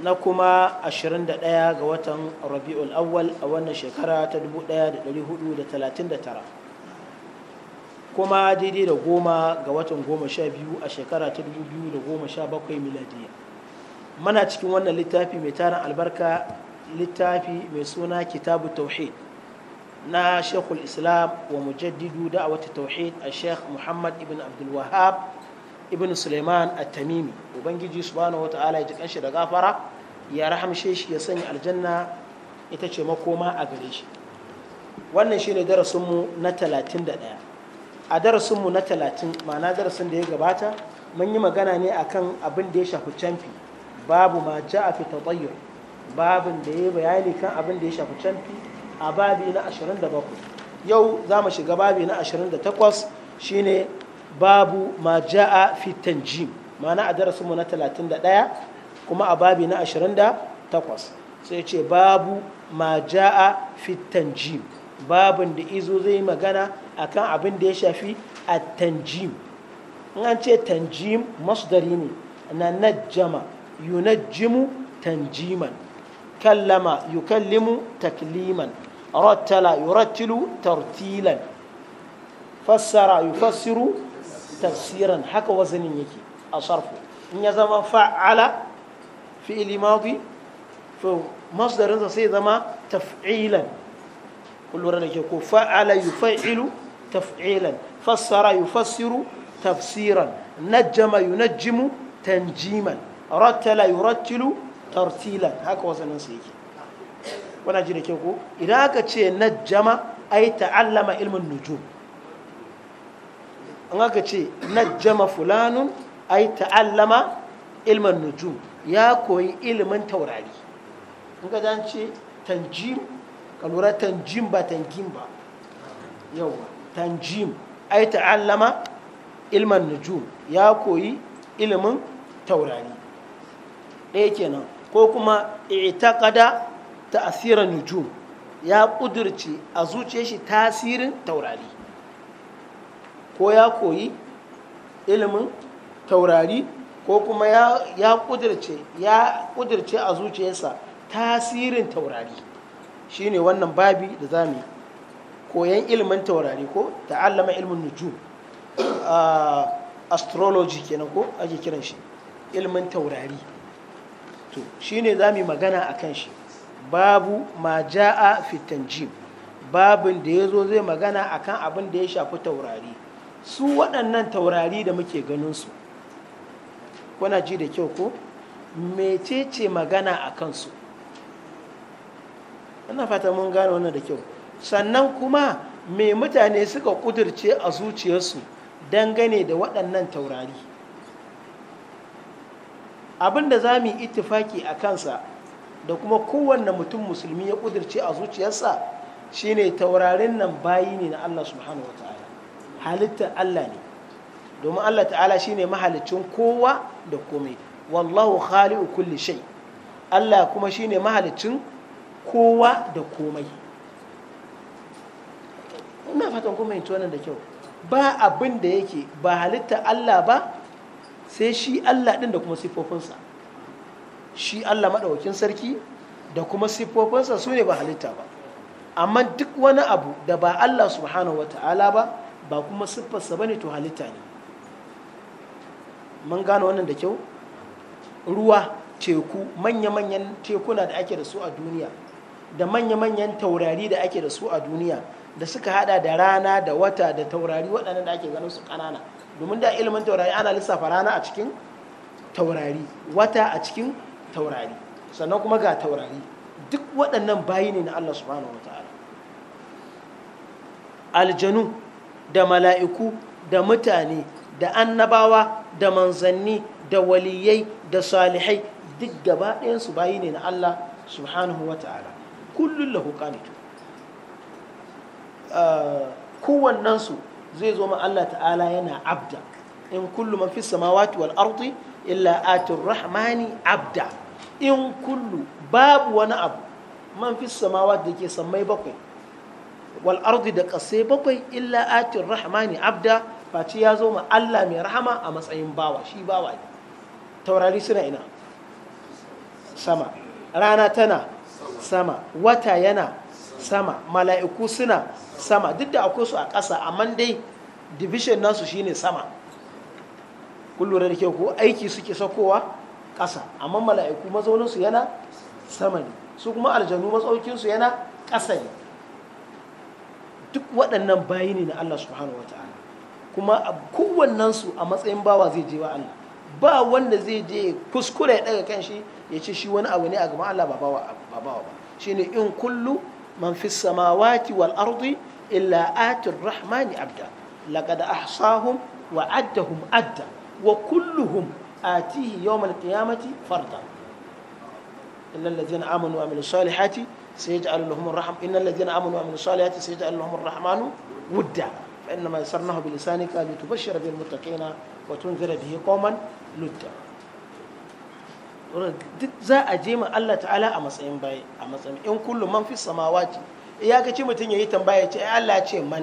na kuma 21 ga watan rabi'ul awwal a wannan shekara ta 1439 kuma daidai da goma ga watan goma sha biyu a shekara ta 2017 miladiya mana cikin wannan littafi mai tarin albarka littafi mai suna kitabu tauhid na shekul islam wa mujaddidu da wata tauhid a shek muhammad ibn abdulwahab ibn suleiman at-tamimi ubangiji subhanahu wata'ala ya ji kanshi da gafara ya rahamshe shi ya sanya aljanna ita ce makoma a gare shi wannan shine darasinmu na 31 a darasinmu na 30 ma'ana darasin da ya gabata mun yi magana ne akan abin da ya shafi canfi babu ma a fi tatayyur babin da ya bayani kan abin da ya shafi canfi a babi na 27 yau za mu shiga babi na 28 shine babu ma ja'a fi tanjim ma'ana a darasin mu na 31 kuma a babi na 28 sai ce babu ma ja'a fi tanjim babin da izo zai magana akan abin da ya shafi a tanjim in an ce tanjim masdari ne na najjama yunajjimu tanjiman kallama yukallimu takliman rattala yurattilu tartilan fassara yufassiru tafsiran haka wazanin yake a sarfu in ya zama fa'ala fi'ili madi masdarinsa sai zama taf'ilan kullum da ke ko fa'ala yufa'ilu taf'ilan fassara yufassiru tafsiran najjama yunajjimu tanjiman rattala yurattilu tartilan haka wazaninsa yake wana ji da ke ko idan aka ce najjama ai ta'allama ilmin nujum an aka ce najjama fulanun ai ta'allama ilman nujum ya koyi ilimin taurari in ka dan ce tanjim ka lura tanjim ba tanjim ba yawa tanjim ai ta'allama ilman nujum ya koyi ilimin taurari ɗaya kenan ko kuma i'taqada ta'asiran nujum ya ƙudurce a zuce shi tasirin taurari ko ya koyi ilimin taurari ko kuma ya kudirce ya kudirce a zuciyarsa tasirin taurari shine wannan babi da za mu koyan ilimin taurari ko ta'allama ilmin nujum astrology kenan ko ake kiran shi ilimin taurari to shine za mu magana a kan shi babu majaa ja'a jim babin da ya zo zai magana akan abin da ya shafi taurari su waɗannan taurari da muke ganin su kuna ji da kyau ko mecece magana a kansu ana fata mun gane wannan da kyau sannan kuma me mutane suka kudirce a zuciyarsu dangane da waɗannan taurari abin da za mu yi ittifaki a kansa da kuma kowanne mutum musulmi ya kudirce a zuciyarsa shine taurarin nan bayi ne na allah subhanahu wa ta'ala halittar Allah ne domin Allah ta'ala shine mahalicin kowa da komai wallahu khali'u kulli shay Allah kuma shine mahalicin kowa da komai ina fatan kuma yin wannan da kyau ba abin da yake ba halitta Allah ba sai shi Allah ɗin da kuma siffofinsa shi Allah maɗaukin sarki da kuma siffofinsa su ne ba halitta ba amma duk wani abu da ba Allah subhanahu wa ta'ala ba ba kuma siffarsa ba ne to halitta ne mun gane wannan da kyau ruwa teku manya-manyan tekuna da ake da su a duniya da manya-manyan taurari da ake da su a duniya da suka hada da rana da wata da taurari waɗannan da ake ganin su ƙanana domin da ilimin taurari ana lissafa rana a cikin taurari wata a cikin taurari sannan kuma ga taurari duk waɗannan bayi ne na Allah subhanahu wataala aljanu da mala'iku da mutane da annabawa da manzanni da waliyai da salihai duk gaba ɗayansu bayi ne na Allah subhanahu wa ta'ala kullum lahu qanitu ah, kowannensu zai zo ma Allah ta'ala yana abda in kullu man fi samawati wal ardi illa atir rahmani abda in kullu babu wani abu man fi samawati da ke sammai bakwai wal ardi da ƙasai bakwai illa atir rahmani abda face ya zo ma Allah mai rahama a matsayin bawa shi bawa ne taurari suna ina sama rana tana sama wata yana sama mala'iku suna sama duk da akwai su a ƙasa amma dai division nasu shine sama kun lura da ke ko aiki suke saukowa ƙasa amma mala'iku mazauninsu yana sama ne su kuma aljanu matsaukinsu yana ƙasa ne duk waɗannan bayi ne na Allah subhanahu wa ta'ala kuma a su a matsayin bawa zai je wa Allah ba wanda zai je kuskure ya daga kanshi ya ce shi wani abu ne a gaban Allah ba bawa ba shine in kullu man fi samawati wal ardi illa atir rahmani abda laqad ahsahum wa addahum adda wa kulluhum atihi yawm al qiyamati farda illa allazina amanu wa amilus salihati سيجعل لهم الرحم إن الذين آمنوا وعملوا ka سيجعل لهم الرحمن ودا فإنما يسرناه بلسانك لتبشر بالمتقين وتنذر به قوما لدا duk za a je ma Allah ta'ala a matsayin baye a matsayin in kullum man fi samawati ya ga ce mutum yayi tambaya ce Allah ce man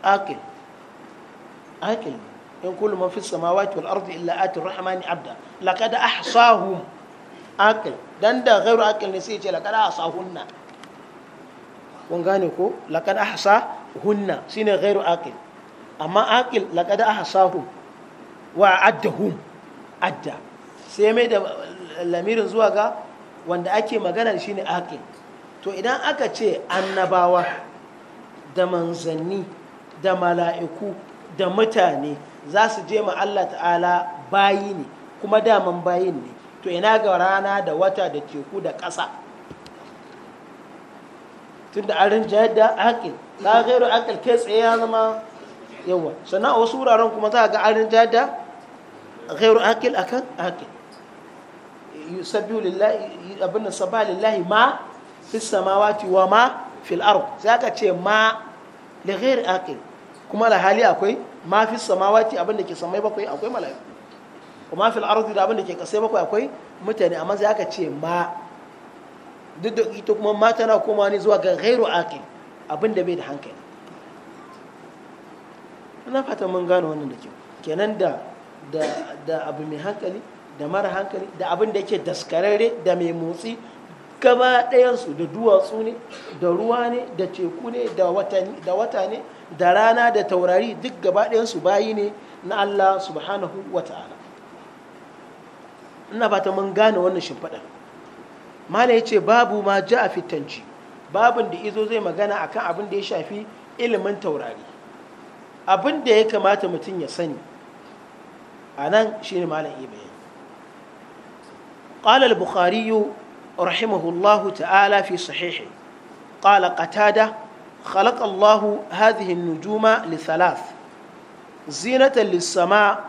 akil akil in kullum man fi samawati wal ardi illa atir rahmani abda laqad ahsahum akil dan da gairu akil ne sai ya ce laqad hunna. kun gane ko laqad hunna shine gairu akil amma aqil laqad hu wa addahum adda sai mai da lamirin zuwa ga wanda ake magana shine akil to idan aka ce annabawa da manzanni da mala'iku da mutane za su je ma Allah ta'ala bayi ne kuma daman bayin ne to ina ga rana da wata da teku da ƙasa tunda an jihar da haƙil a gairu haƙil kai tsaye ya zama yawa sannan a wasu wuraren kuma za a ga an jihar da gairu haƙil a kan haƙil yusabbihu lillahi abinda saba lillahi ma fi samawati wa ma fil ard za ka ce ma li a aqil kuma la hali akwai ma fi samawati abinda ke samai bakwai akwai mala'iku kuma fil ardi da abin da ke kasai bakwai akwai mutane amma sai aka ce ma duk da ita kuma ma tana koma ne zuwa ga ghairu aqil abin da bai da hankali ina fata mun gane wannan da kyau kenan da da abu mai hankali da mara hankali da abin da yake daskararre da mai motsi gaba ɗayansu da duwatsu ne da ruwa ne da teku ne da wata ne da rana da taurari duk gaba ɗayansu bayi ne na Allah subhanahu wa ta'ala ina fata mun gane wannan shimfiɗar mala ya ce babu ma ja a fitanci babin da izo zai magana akan abin da ya shafi ilimin taurari abin da ya kamata mutum ya sani a nan shi ne malam iya bayan. ƙalal bukhari rahimahullahu ta'ala fi sahihi ƙala qatada خلق الله هذه النجوم لثلاث زينة للسماء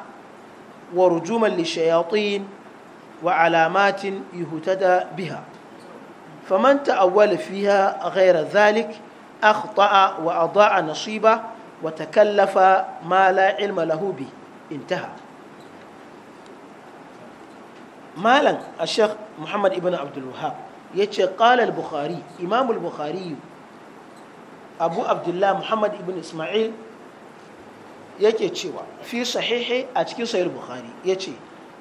ورجوما للشياطين وعلامات يهتدى بها فمن تأول فيها غير ذلك أخطأ وأضاع نصيبه وتكلف ما لا علم له به انتهى مالا الشيخ محمد ابن عبد الوهاب يتشي قال البخاري إمام البخاري أبو عبد الله محمد ابن إسماعيل يتشي في صحيحه أتكي صحيح البخاري يتشي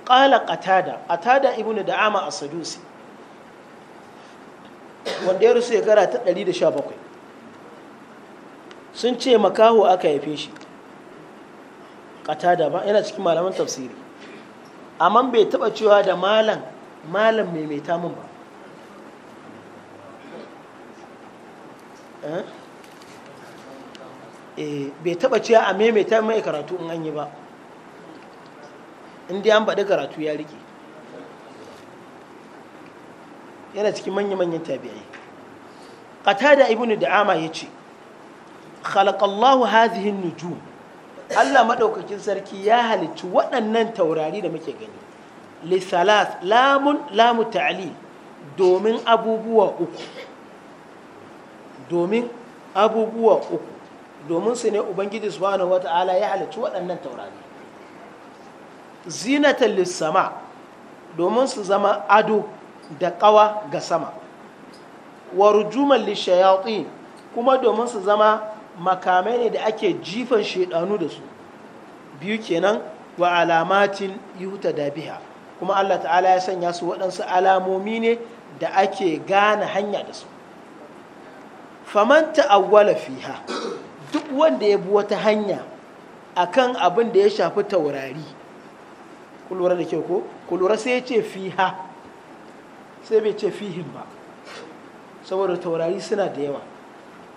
qala qatada qatada ibnu da'ama as-sadusi wanda ya rusu shekara ta 117 sun ce makaho aka haife shi qatada ba yana cikin malaman tafsiri amma bai taba cewa da malam malam mai mai tamun ba eh, bai taba cewa a maimaita mai karatu in an yi ba Indiya an faɗi karatu ya rike yana cikin manya-manyan tabi'ai qatada ibn da'ama yace khalaqallahu hadhihi nujum Allah madaukakin sarki ya halicci waɗannan taurari da muke gani li salas lamun lamu ta'lil domin abubuwa uku domin abubuwa uku domin su ne ubangiji subhanahu wata'ala ya halicci waɗannan taurari zinatan lissama domin su zama ado da kawa ga sama wa rujuman lishayatin kuma domin su zama makamai ne da ake jifan shaidanu da su biyu kenan wa alamatin yuta da biya kuma Allah ta'ala ya sanya su waɗansu alamomi ne da ake gane hanya da su a ta'awwala fiha duk wanda ya bi wata hanya akan abin da ya shafi taurari kun lura da ke ko ku lura sai ya ce fiha sai bai ce fihin ba saboda taurari suna da yawa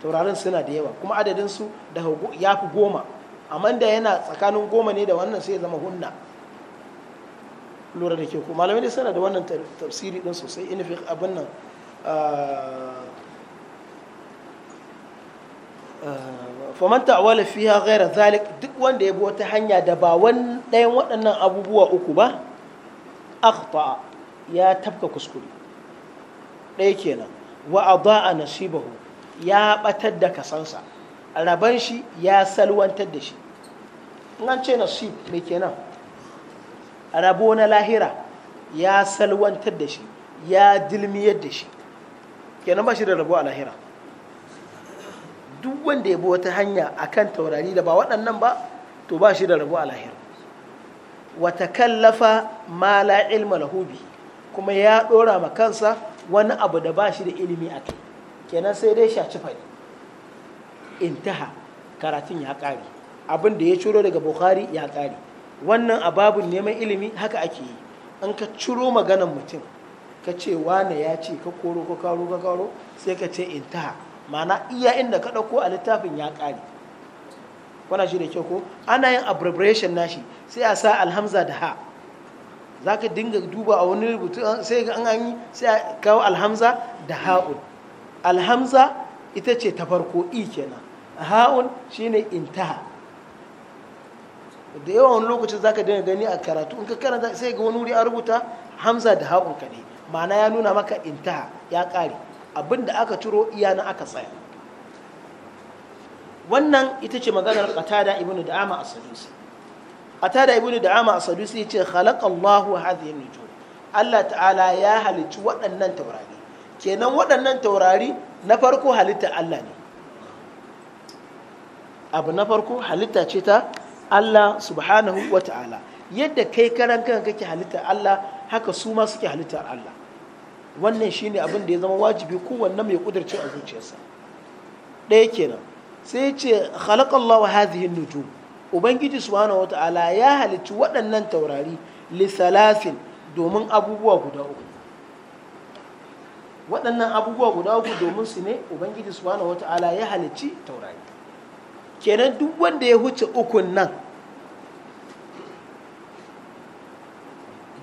taurarin suna da yawa kuma adadinsu daga ya fi goma amma da yana tsakanin goma ne da wannan sai ya zama hunna lura da ke ko malamai da suna da wannan tafsiri din sosai in fi abin nan ah, ah, faman ta'awala fiha ghaira zalik duk wanda ya bi wata hanya da ba wani ɗayan waɗannan abubuwa uku ba akhta ya tabka kuskure ɗaya kenan wa adaa nasibahu ya batar da kasansa raban shi ya salwantar da shi in an ce nasib me kenan rabo na lahira ya salwantar da shi ya dilmiyar da shi kenan ba shi da rabo a lahira duk wanda ya bi wata hanya a kan taurari da ba waɗannan ba to ba shi da rabu a lahira wata kallafa ma la ilma lahubi. kuma ya ɗora ma kansa wani abu da ba shi da ilimi a kai kenan sai dai shaci fari intaha karatun ya ƙare abin da ya ciro daga bukhari ya ƙare wannan ababun neman ilimi haka ake yi an ka ciro maganan mutum ka ce wane ya ce ka koro ka karo ka karo sai ka ce intaha mana iya inda ka ɗauko a littafin ya ƙare kuna shi da kyau ko ana yin abbreviation nashi sai a sa alhamza da ha za ka dinga duba a wani rubutu sai ga an yi sai a kawo alhamza da ha'un alhamza ita ce ta farko i kenan ha'un shine intaha da yawan wani lokacin za ka dinga gani a karatu in ka karanta sai ga wani wuri a rubuta hamza da ha'un kaɗai ma'ana ya nuna maka intaha ya ƙare abin da aka turo iya na aka tsaya wannan ita ce maganar qatada ibnu da'ama as-sadusi qatada ibnu da'ama as-sadusi ce Allahu hadhihi an-nujum Allah ta'ala ya halicci waɗannan taurari kenan waɗannan taurari na farko halitta Allah ne abu na farko halitta ce ta Allah subhanahu wa ta'ala yadda kai karan kanka kake halitta Allah haka su ma suke halittar Allah wannan shine abin da ya zama wajibi kowanne mai kudurci a zuciyarsa ɗaya kenan sai ya ce khalaqallahu hadhihi nujum ubangiji subhanahu wata'ala ya halicci waɗannan taurari lissalafin domin abubuwa guda uku waɗannan abubuwa guda uku domin su ne ubangiji subhanahu wata'ala ya halicci taurari kenan duk wanda ya huce ukun nan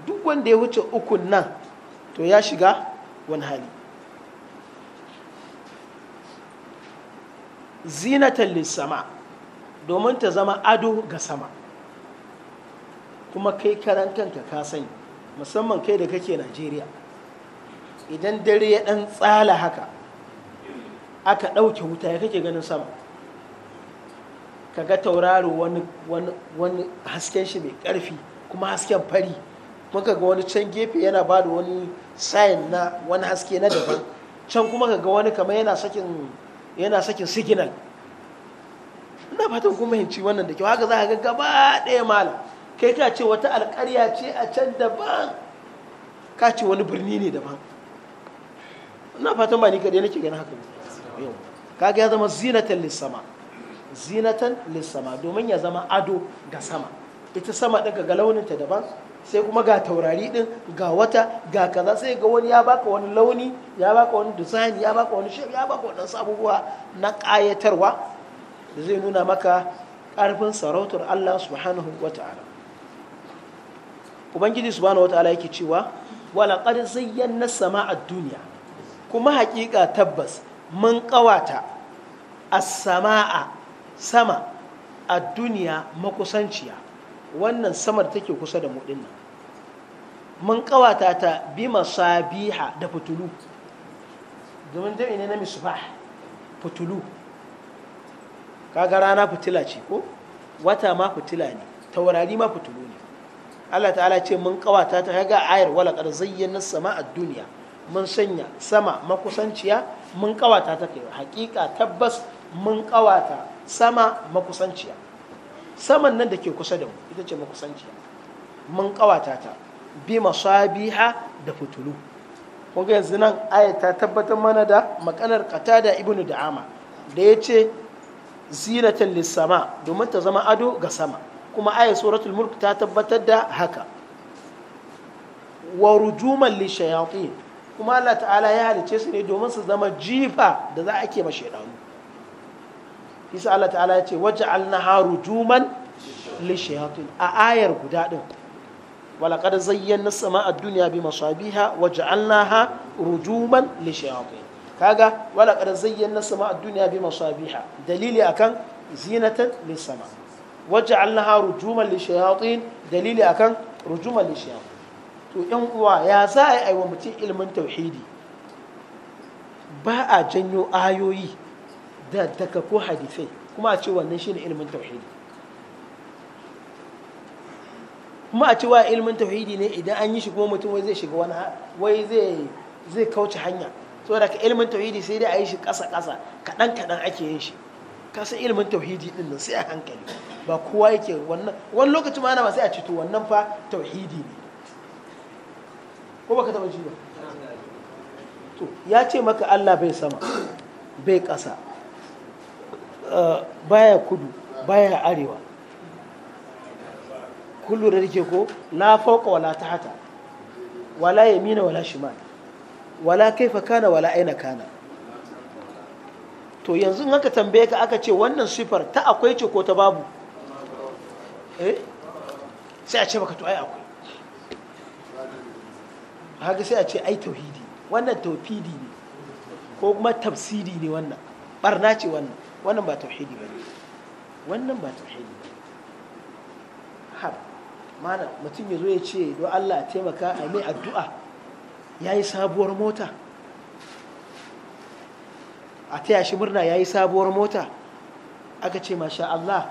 duk wanda ya huce ukun nan to ya shiga wani hali zinatan sama domin ta zama ado ga sama kuma kai karan kanka ka sani musamman kai da kake najeriya idan dare ya dan tsala haka aka ɗauke wuta ya kake ganin sama ka ga tauraro wani hasken shi mai ƙarfi kuma hasken fari muka ga wani can gefe yana ba da wani sayin na wani haske na daban can kuma ka ga wani kamar yana sakin yana sakin signal ina fatan kuma hinci wannan da kyau haka za ka ga gaba ɗaya malam kai ka ce wata alƙarya ce a can daban ka ce wani birni ne daban ina fatan ba ni kaɗai nake ganin haka Ka ga ya zama zinatan lissama zinatan lissama domin ya zama ado ga sama ita sama daga ga launinta daban sai kuma ga taurari ɗin ga wata ga kaza sai ga wani ya baka wani launi ya baka wani design ya baka wani shape ya baka wani abubuwa na ƙayatarwa da zai nuna maka ƙarfin sarautar Allah subhanahu wa ta'ala ubangiji subhanahu wa ta'ala yake cewa qad zayyana sama a duniya kuma haƙiƙa tabbas mun ƙawata a sama'a sama a duniya makusanciya wannan samar take kusa da mu nan mun kawata ta bi masabiha da fitulu domin jami'i ne na misbah fitulu kaga rana fitila ce ko wata ma fitila ne taurari ma fitulu ne Allah ta'ala ce mun kawata ta kaga ayar wala qad zayyana sama ad-dunya mun sanya sama makusanciya mun kawata ta kai hakika tabbas mun kawata sama makusanciya saman nan da ke kusa da mu ita ce makusanciya mun kawata ta bi masabiha da fitulu kun yanzu nan aya ta tabbatar mana da maganar qatada ibnu da'ama da ya yace zinatan lissama domin ta zama ado ga sama kuma aya suratul mulk ta tabbatar da haka wa rujuman lishayatin kuma Allah ta'ala ya halice su ne domin su zama jifa da za a ke ma shaidanu isa Allah ta'ala ya ce waj'alnaha rujuman lishayatin a ayar guda din walaqad zayyana as-sama'a ad-dunya bi masabiha waj'alnaha rujuman lishayatin kaga walaqad zayyana as-sama'a ad-dunya bi masabiha dalili akan zinatan lis-sama waj'alnaha rujuman lishayatin dalili akan rujuman lishayatin to yan uwa ya za a yi wa mutum ilimin tauhidi ba a janyo ayoyi da takakku hadisai kuma a ce wannan shine ilimin tauhidi kuma a ce wa ilimin tauhidi ne idan an yi shi kuma mutum zai shiga wani wai zai kauce hanya saboda ka ilimin tauhidi sai dai a yi shi ƙasa ƙasa kaɗan kaɗan ake yin shi ka san ilimin tauhidi din nan sai a hankali ba kowa yake wannan wani lokacin ma ana ba sai a cito wannan fa tauhidi ne ko baka taɓa ji ba to ya ce maka Allah bai sama bai kasa. Eh, baya kudu baya arewa kullu da ke ko la fauka wala tahata wala yamina wala shimal wala kaifa kana wala aina kana to yanzu in aka tambaye ka aka ce wannan sifar ta akwai ce ko ta babu eh sai a ce baka to ai akwai haka sai a ce ai tauhidi wannan tauhidi ne ko kuma tafsiri ne wannan barna ce wannan wannan ba tauhidi ba ne wannan ba tauhidi ba ne mana mutum ya zo ya ce don allah taimaka a mai addu'a ya yi sabuwar mota a taya shi murna ya yi sabuwar mota aka ce masha allah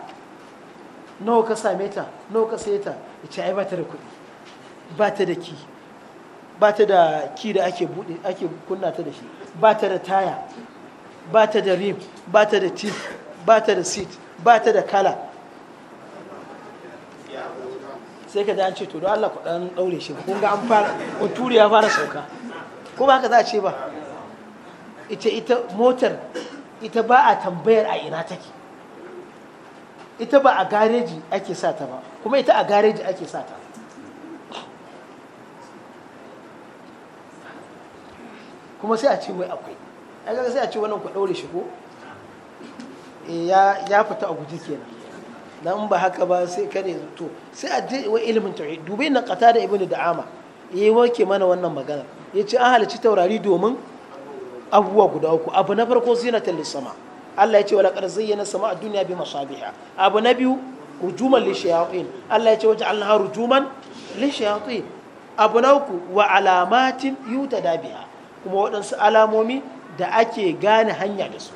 nawa ka same ta nawa ka sai ta ya ce ai ba ta da kuɗi ba ta da ki ba ta da ki da ake kunna ta da shi ba ta da taya ba ta da rim ba ta da tif ba ta da seat ba ta da kala sai ka an ce to don Allah ku daure shi kun ga an fara turi ya fara sauka ko ba ka za a ce ba ita ita motar ita ba a tambayar a ina take ita ba a gareji ake sa ta ba kuma ita a gareji ake sa ta kuma sai a ce wai akwai ai sai a ci wannan ku daure shi ko eh, ya fita a guji kenan dan ba haka ba sai kare to sai a je wa ilimin tauhid dubai na qata da ibnu da'ama yayi wake mana wannan magana yace an halici taurari domin abubuwa guda uku abu na farko zinatul sama Allah ya ce wala qad zayyana sama a duniya bi masabiha abu na biyu rujuman li shayatin Allah ya ce waje Allah rujuman li shayatin abu na uku wa alamatin yutada kuma waɗansu alamomi da ake gane hanya da su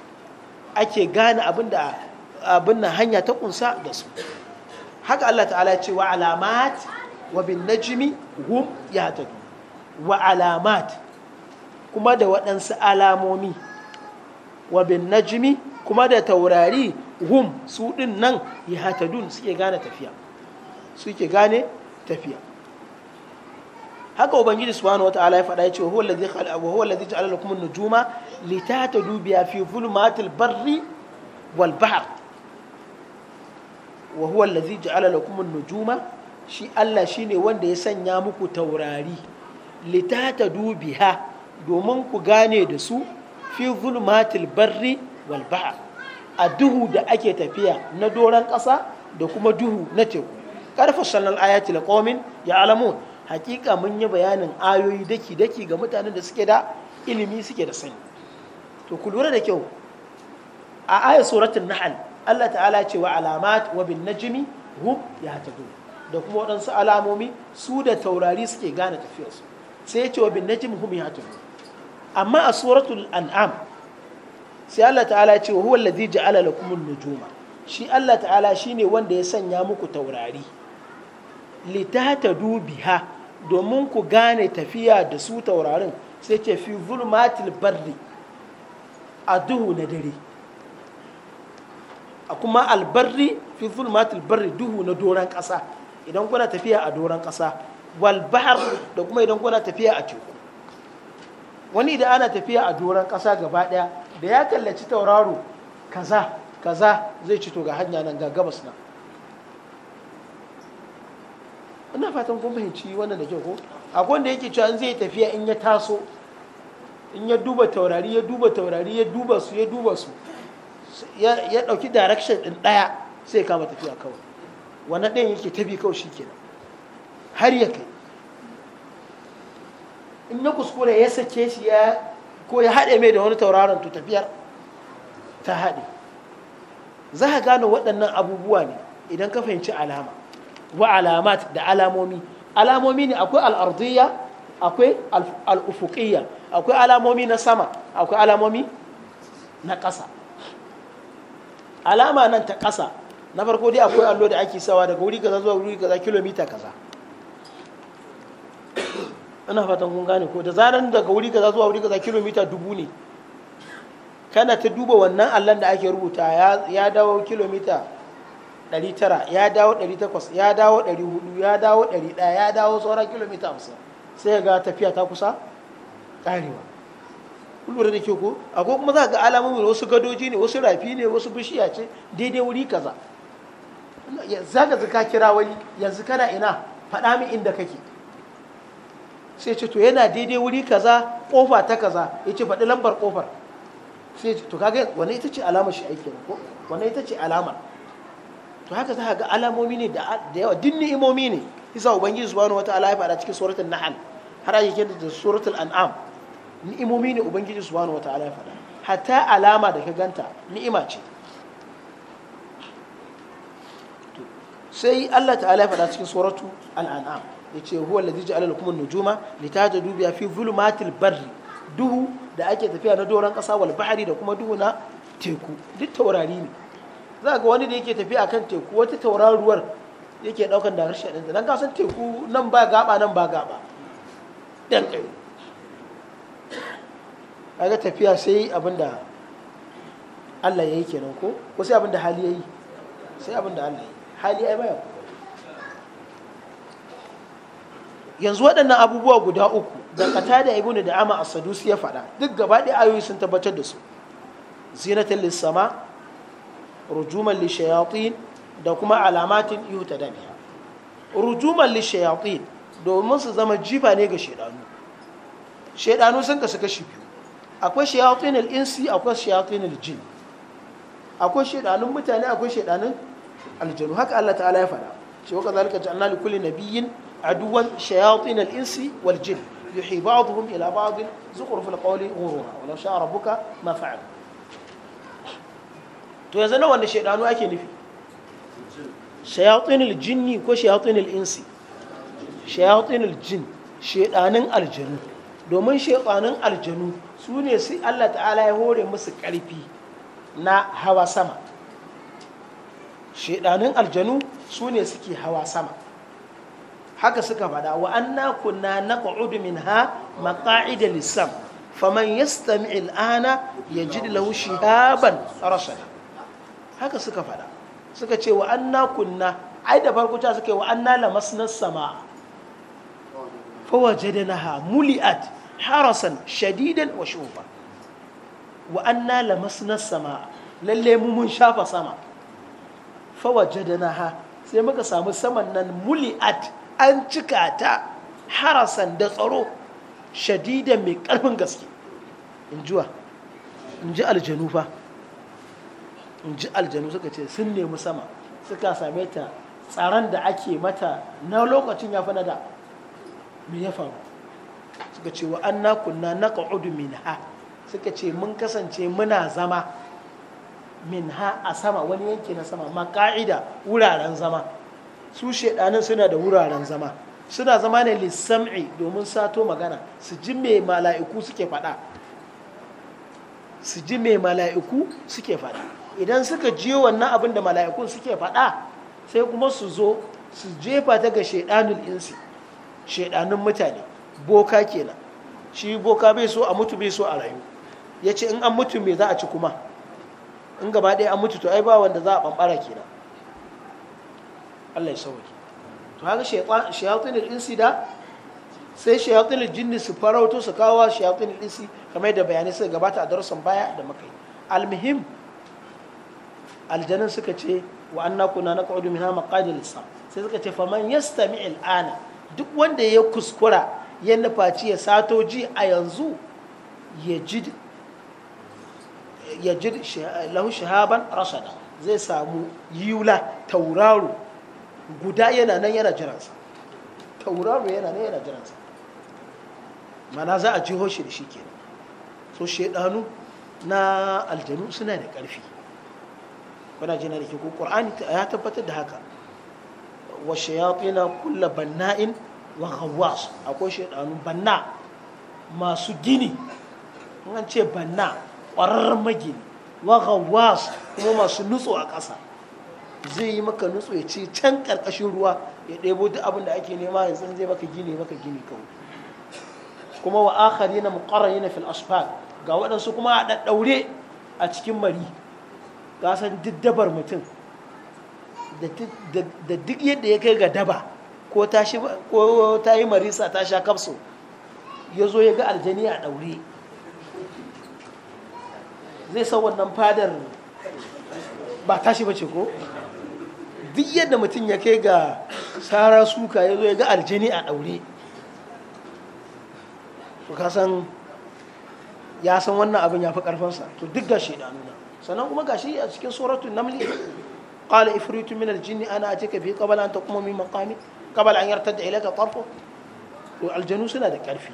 ake gane abin da hanya ta kunsa da su haka Allah ta'ala ce wa alamat wa bin najimi hum ya tafi wa alamat kuma da waɗansu alamomi wa bin najimi kuma da taurari hum su ɗin nan yahtadun suke gane tafiya suke gane tafiya haka ubangiji subhanahu wata'ala ya faɗa ya ce wa huwa alladhi ja'ala lakum an-nujuma litata dubiya fi zulumatil barri wal bahr wa huwa allazi ja'ala lakum an-nujuma shi Allah shine wanda ya sanya muku taurari litata dubiha domin ku gane da su fi zulumatil barri wal bahr a duhu da ake tafiya na doran ƙasa da kuma duhu na teku karfa sanal ayati ya ya'lamun hakika mun yi bayanin ayoyi daki daki ga mutanen da suke da ilimi suke da sani to ku lura da kyau a ayat suratul nahl Allah ta'ala ce wa alamat wa bin najmi hum yahtadun da kuma waɗansu alamomi su da taurari suke gane tafiyar su sai ya ce wa bin najmi hum yahtadun amma a suratul an'am sai Allah ta'ala ce wa huwa alladhi ja'ala lakum an-nujuma shi Allah ta'ala shine wanda ya sanya muku taurari litatadu biha domin ku gane tafiya da su taurarin sai ce fi zulmatil barri a duhu na dare a kuma albarri fi zulmatil barri duhu na doron kasa idan kuna tafiya a doron kasa wal bahar da kuma idan kuna tafiya a teku wani da ana tafiya a doron kasa gaba ɗaya da ya kallaci tauraro kaza kaza zai ci to ga hanya nan ga gabas nan ina fatan kun fahimci wannan da kyau ko akwai wanda yake cewa in zai tafiya in ya taso in ya duba taurari ya duba taurari ya duba su ya duba su ya ɗauki direction ɗin ɗaya sai kama tafiya kawai wannan ɗayan yake tafi kawai shi kenan har ya kai in ya kuskure ya sake shi ya ko ya haɗe mai da wani tauraron to tafiyar ta haɗe za ka gano waɗannan abubuwa ne idan ka fahimci alama wa alamat da alamomi alamomi ne akwai al'ardiyya akwai al'ufuƙiyya akwai alamomi na sama akwai alamomi na ƙasa alama nan ta ƙasa na farko dai akwai allo da ake sawa daga wuri gaza zuwa wuri gaza kilomita kaza ina fatan kun gane ko da zaran daga wuri gaza zuwa wuri gaza kilomita dubu ne kana ta duba wannan allon da ake rubuta ya dawo kilomita 900 ya dawo 800 ya dawo 400 ya dawo 100 ya dawo sauran kilomita 50 sai ga tafiya ta kusa karewa lura da ke ko akwai kuma za ga alamomin wasu gadoji ne wasu rafi ne wasu bishiya ce daidai wuri kaza za ka zika kira wani yanzu kana ina faɗa min inda kake sai ce to yana daidai wuri kaza kofa ta kaza ya ce faɗi lambar kofar sai ce to kaga wani ita ce alamar shi aiki ko wani ita ce alamar to haka za ka ga alamomi ne da yawa dinni imomi ne isa ubangiji subhanahu wataala ya faɗa cikin suratul nahl har ake kira da suratul an'am ni'imomi ne ubangiji subhanahu wataala ya faɗa hatta alama da ka ganta ni'ima ce sai Allah ta'ala ya faɗa cikin suratu al'an'am ya ce huwa ladhi ja'ala lakum an-nujuma litajadu biha fi barri duhu da ake tafiya na doron ƙasa wal bahari da kuma duhu na teku duk taurari ne za ga wani da yake tafiya kan teku wata tauraruwar yake ɗaukan da harshe da nan kasan teku nan ba gaba nan ba gaba ɗan ɗanɗano kaga tafiya sai abin da Allah ya yi kenan ko ko sai abin da hali ya yi sai abin da Allah ya yi hali ya yi baya yanzu waɗannan abubuwa guda uku da kata da ibnu da ama as-sadusi ya faɗa duk gaba ɗaya ayoyi sun tabbatar da su zinatan lissama sama rujuman lishayatin da kuma alamatin da biya rujuman lishayatin domin su zama jifa ne ga shaidanu shaidanu sun kasu kashi biyu akwai shayatin insi akwai shayatin jin akwai shaidanun mutane akwai shaidanun aljanu haka Allah ta'ala ya faɗa cewa ka zalika ja'alna li kulli nabiyyin aduwan shayatin insi wal jin yuhi ba'dhum ila ba'd zukhrufal qawli ghurura wa law sha'a rabbuka ma fa'al to yanzu na wanda shaidanu ake nufi shayatin aljinni ko shayatin insi. shayatinul jin shedanin aljanu domin shedanin aljanu su ne su Allah ta'ala ya hore musu karfi na hawa sama shedanin aljanu su ne suke hawa sama haka suka faɗa wa anna kunna naq'udu minha maqa'ida lisam faman yastami' al'ana yajid lahu shihaban rasada haka suka faɗa suka ce wa anna kunna ai da farko ta suka yi wa anna lamasna sama'a فوجدناها ملئت حرسا شديدا وشوفا وأنا لمسنا السماء للي من شاف سما فوجدناها sai muka samu saman nan muli'at an cika ta harasan da tsaro shadidan mai karfin gaske in jiwa in ji aljanu fa in ji aljanu suka ce sun nemi sama suka same ta tsaron da ake mata na lokacin ya fi na da me ya faru suka ce wa anna kunna min minha suka ce mun kasance muna zama minha a sama wani yanki na sama ma ka'ida wuraren zama su shaidanin suna da wuraren zama suna zama ne lissam'i domin sato magana su ji me mala'iku suke faɗa su ji me mala'iku suke faɗa idan suka ji wannan abin da mala'ikun suke faɗa sai kuma su zo su jefa ta ga shaidanul insi shaidanin mutane boka kenan shi boka bai so a mutu bai so a rayu ya ce in an mutu me za a ci kuma in gaba ɗaya an mutu to ai ba wanda za a ɓamɓara kenan allah ya sauki to haka shayatunin insi da sai shayatunin jinni su farauto su kawo shayatunin insi kamar da bayanai suka gabata a darussan baya da muka yi almuhim aljanin suka ce wa anna na naq'udu minha maqadil sam sai suka ce faman yastami ana duk wanda ya kuskura ya nufaci ya sato ji a yanzu ya ji lahu shahaban rashada zai samu yiwula tauraro guda yana nan yana jiransa tauraro yana nan yana jiransa mana za a jiho shi da shi kenan so shaidanu na aljanu suna da ƙarfi kuna jina da ke ko ƙur'ani ya tabbatar da haka wa shayatina kulla banna'in wa ghawwas akwai shaydanu banna masu gini an ce banna ƙwararren magini wa ghawwas kuma masu nutso a ƙasa zai yi maka nutso ya ce can ƙarƙashin ruwa ya ɗebo duk abin da ake nema ya zai maka gini maka gini kawai kuma wa akhari na muqarrani yana fil asfal ga waɗansu kuma a ɗaɗɗaure a cikin mari ga san diddabar mutum da duk yadda ya kai ga daba ko ta yi marisa ta sha kafso ya zo ya ga aljani a ɗaure zai san wannan fadar ba tashi ba ce ko duk yadda mutum ya kai ga tsara suka ya zo ya ga aljani a ɗaure to ka san ya san wannan abin ya fi ƙarfinsa to duk shi da nuna sannan kuma ga shi a cikin tsoratun namli قال إفريت من الجن أنا أتيك به قبل أن تقوم من مقامي قبل أن يرتد إليك طرفه والجنو سنة da ƙarfi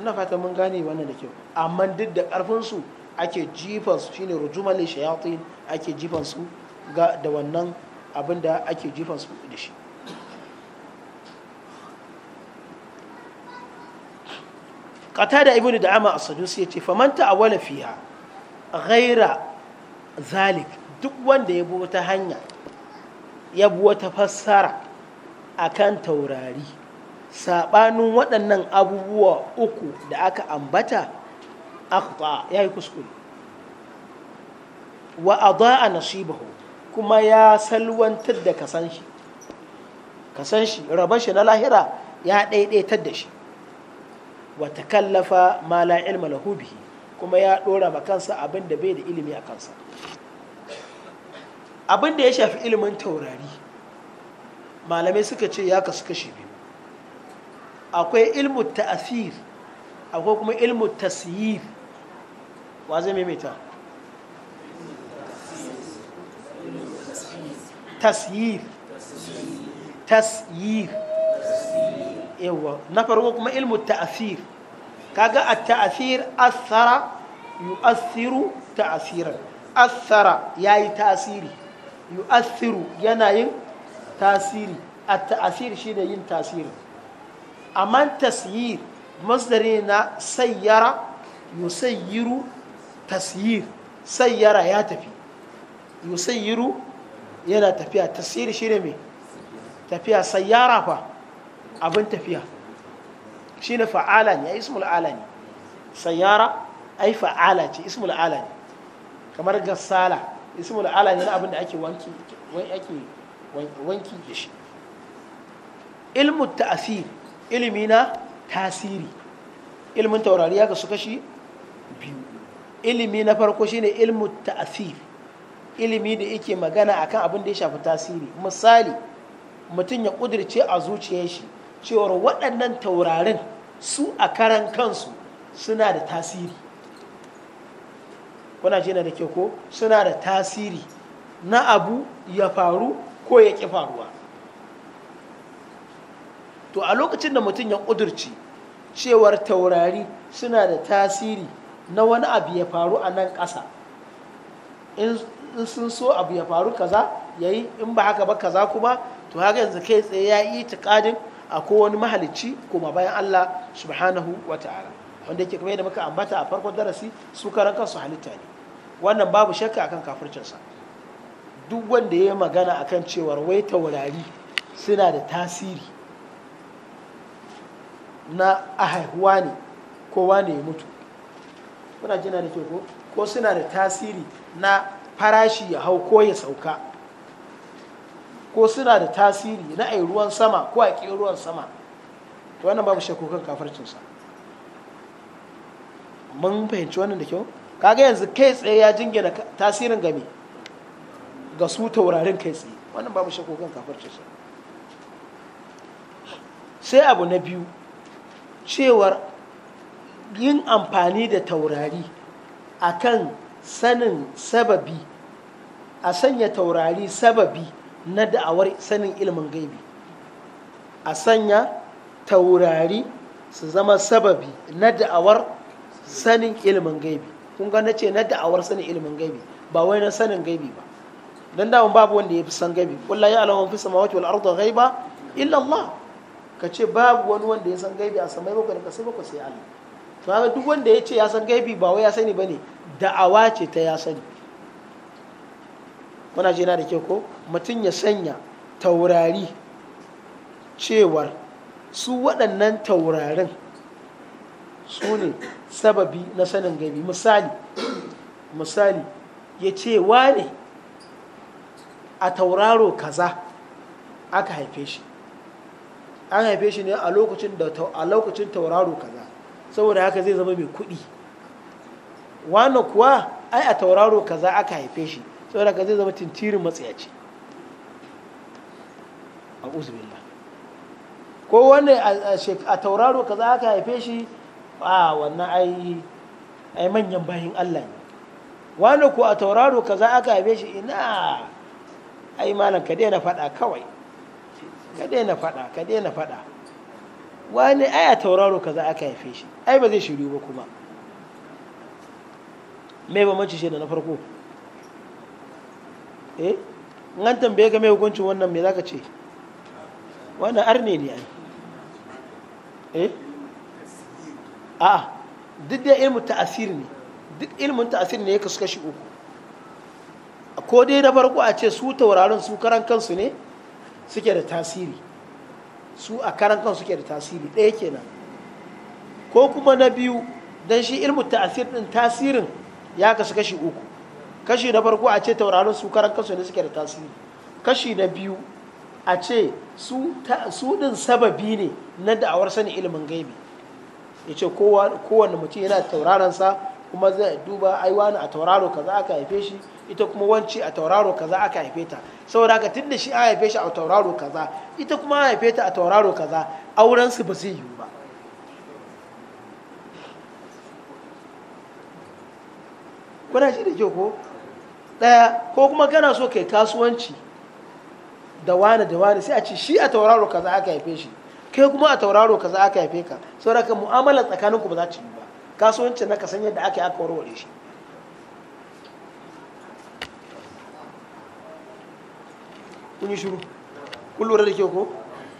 ina fata mun gane wannan da kyau amma duk da ƙarfinsu ake jifan su shine rujumal shayatin ake jifan su da wannan abin da ake jifan su da shi qatada ibnu da'ama as-sadusi yace faman ta'awala fiha ghaira zalik duk wanda ya bi wata hanya ya bi wata fassara akan taurari saɓanin waɗannan abubuwa uku da aka ambata akhta ya yi kuskure wa a nasibahu kuma ya salwantar da kasan shi rabar shi na lahira ya ɗaiɗaitar da shi wata kallafa ma la kuma ya ɗora makansa kansa abin bai da ilimi a kansa abin da ya shafi ilimin taurari malamai suka ce ya kasu kashi biyu akwai ilmu ta'asir akwai kuma ilmu tasir wa zai maimaita tasir tasir yawa na farko kuma ilmu ta'asir kaga a ta'asir asara yu'assiru ta'asiran asara ya yi tasiri yu'athiru yana yin tasiri at ta'asir ne yin tasiri amma tasyir masdari na sayyara yusayyiru tasyir sayyara ya tafi yusayyiru yana tafiya tasiri ne mai tafiya sayyara fa abin tafiya shine fa'ala ne ismul ala ne sayyara ai fa'ala ce ismul ala ne kamar gasala Ismul'ala ala ne abin da ake wanki wanki da shi ilmu ta'asir ilimi na tasiri ilmin taurari ya su kashi biyu Ilmi na farko shine ilmu ta'asir ilmi da yake magana akan abin da ya shafi tasiri misali mutum ya kudirce a zuciyar shi cewar waɗannan taurarin su a karan kansu suna da tasiri kuna jina da ke ko suna da tasiri na abu ya faru ko ya ƙi faruwa to a lokacin da mutum ya ƙudurci cewar taurari suna da tasiri na wani abu ya faru a nan ƙasa in sun so abu ya faru kaza ya yi in ba haka ba kaza kuma to haka yanzu kai tsaye ya yi tiƙadin a kowane mahalicci kuma bayan allah subhanahu wa ta'ala wanda yake kamar yadda muka ambata a farkon darasi su karan kansu halitta ne wannan babu shakka akan kafircinsa duk wanda ya magana akan cewar wai taurari suna da tasiri na haihuwa ne kowa ne ya mutu kuna jina da ke ko ko suna da tasiri na farashi ya hau ko ya sauka ko suna da tasiri na ai ruwan sama ko a ruwan sama to wannan babu shakku kan mun fahimci wannan da kyau kaga yanzu kai tsaye ya jingina tasirin game ga su taurarin kai tsaye wannan babu shakko kan kafar ce sai abu na biyu cewar yin amfani da taurari akan sanin sababi a sanya taurari sababi na da'awar sanin ilimin gaibi a sanya taurari su zama sababi na da'awar sanin ilimin gaibi kun ga nace na da'awar sanin ilimin gaibi ba wai na sanin gaibi ba dan dawon babu wanda ya fi san gaibi qul ya ya'lamu fi samawati wal ardi ghaiba illa Allah ka ce babu wani wanda ya san gaibi a samai bakwai ka sai bakwai sai Allah to haka duk wanda ya ce ya san gaibi ba wai ya sani bane da'awa ce ta ya sani kuna jina da ke ko mutum ya sanya taurari cewar su waɗannan taurarin su ne sababi na sanin gaibi misali misali ya ce wane a tauraro kaza aka haife shi an haife shi ne a lokacin tauraro kaza saboda haka zai zama mai kuɗi wane kuwa ai a tauraro kaza aka haife shi saboda haka zai zama tintirin matsayaci a uzubillah ko wanne a tauraro kaza aka haife shi a wannan ai ai manyan bayin Allah ne wani ko a tauraro ka za aka haife shi ina ai malam ka daina faɗa kawai ka daina faɗa ka daina faɗa wani ai a tauraro ka za aka haife shi ai ba zai shiru ba kuma mai ba mace shi da na farko eh an tambaye ka mai hukuncin wannan me zaka ce wannan arne ne ai eh a duk da ilmu ta'asir ne duk ilmin ta'asir ne ya kasu kashi uku ko dai na farko a ce su taurarin su karan kansu ne suke da tasiri su a karan kansu suke da tasiri ɗaya kenan ko kuma na biyu don shi ilmu ta'asir ɗin tasirin ya kasu kashi uku kashi na farko a ce taurarin su karan kansu ne suke da tasiri kashi na biyu a ce su ɗin sababi ne na da'awar sani ilimin gaibi ya ce kowane mutum yana tauraronsa kuma zai duba aiwani a tauraro kaza aka haife shi ita kuma wanci a tauraro kaza aka haife ta saboda haka tun da shi a haife shi a tauraro kaza ita kuma a haife ta a tauraro kaza auren su ba zai yiwu ba kuna shi da kyau ko ɗaya ko kuma kana so kai kasuwanci da wani da wani sai a ce shi a tauraro kaza aka haife shi kai kuma a tauraro kaza aka haife ka saboda mu'amala tsakanin ku ba za ta yi ba kasuwanci na ka san yadda ake aka warware shi kun yi shiru kun lura da ke ko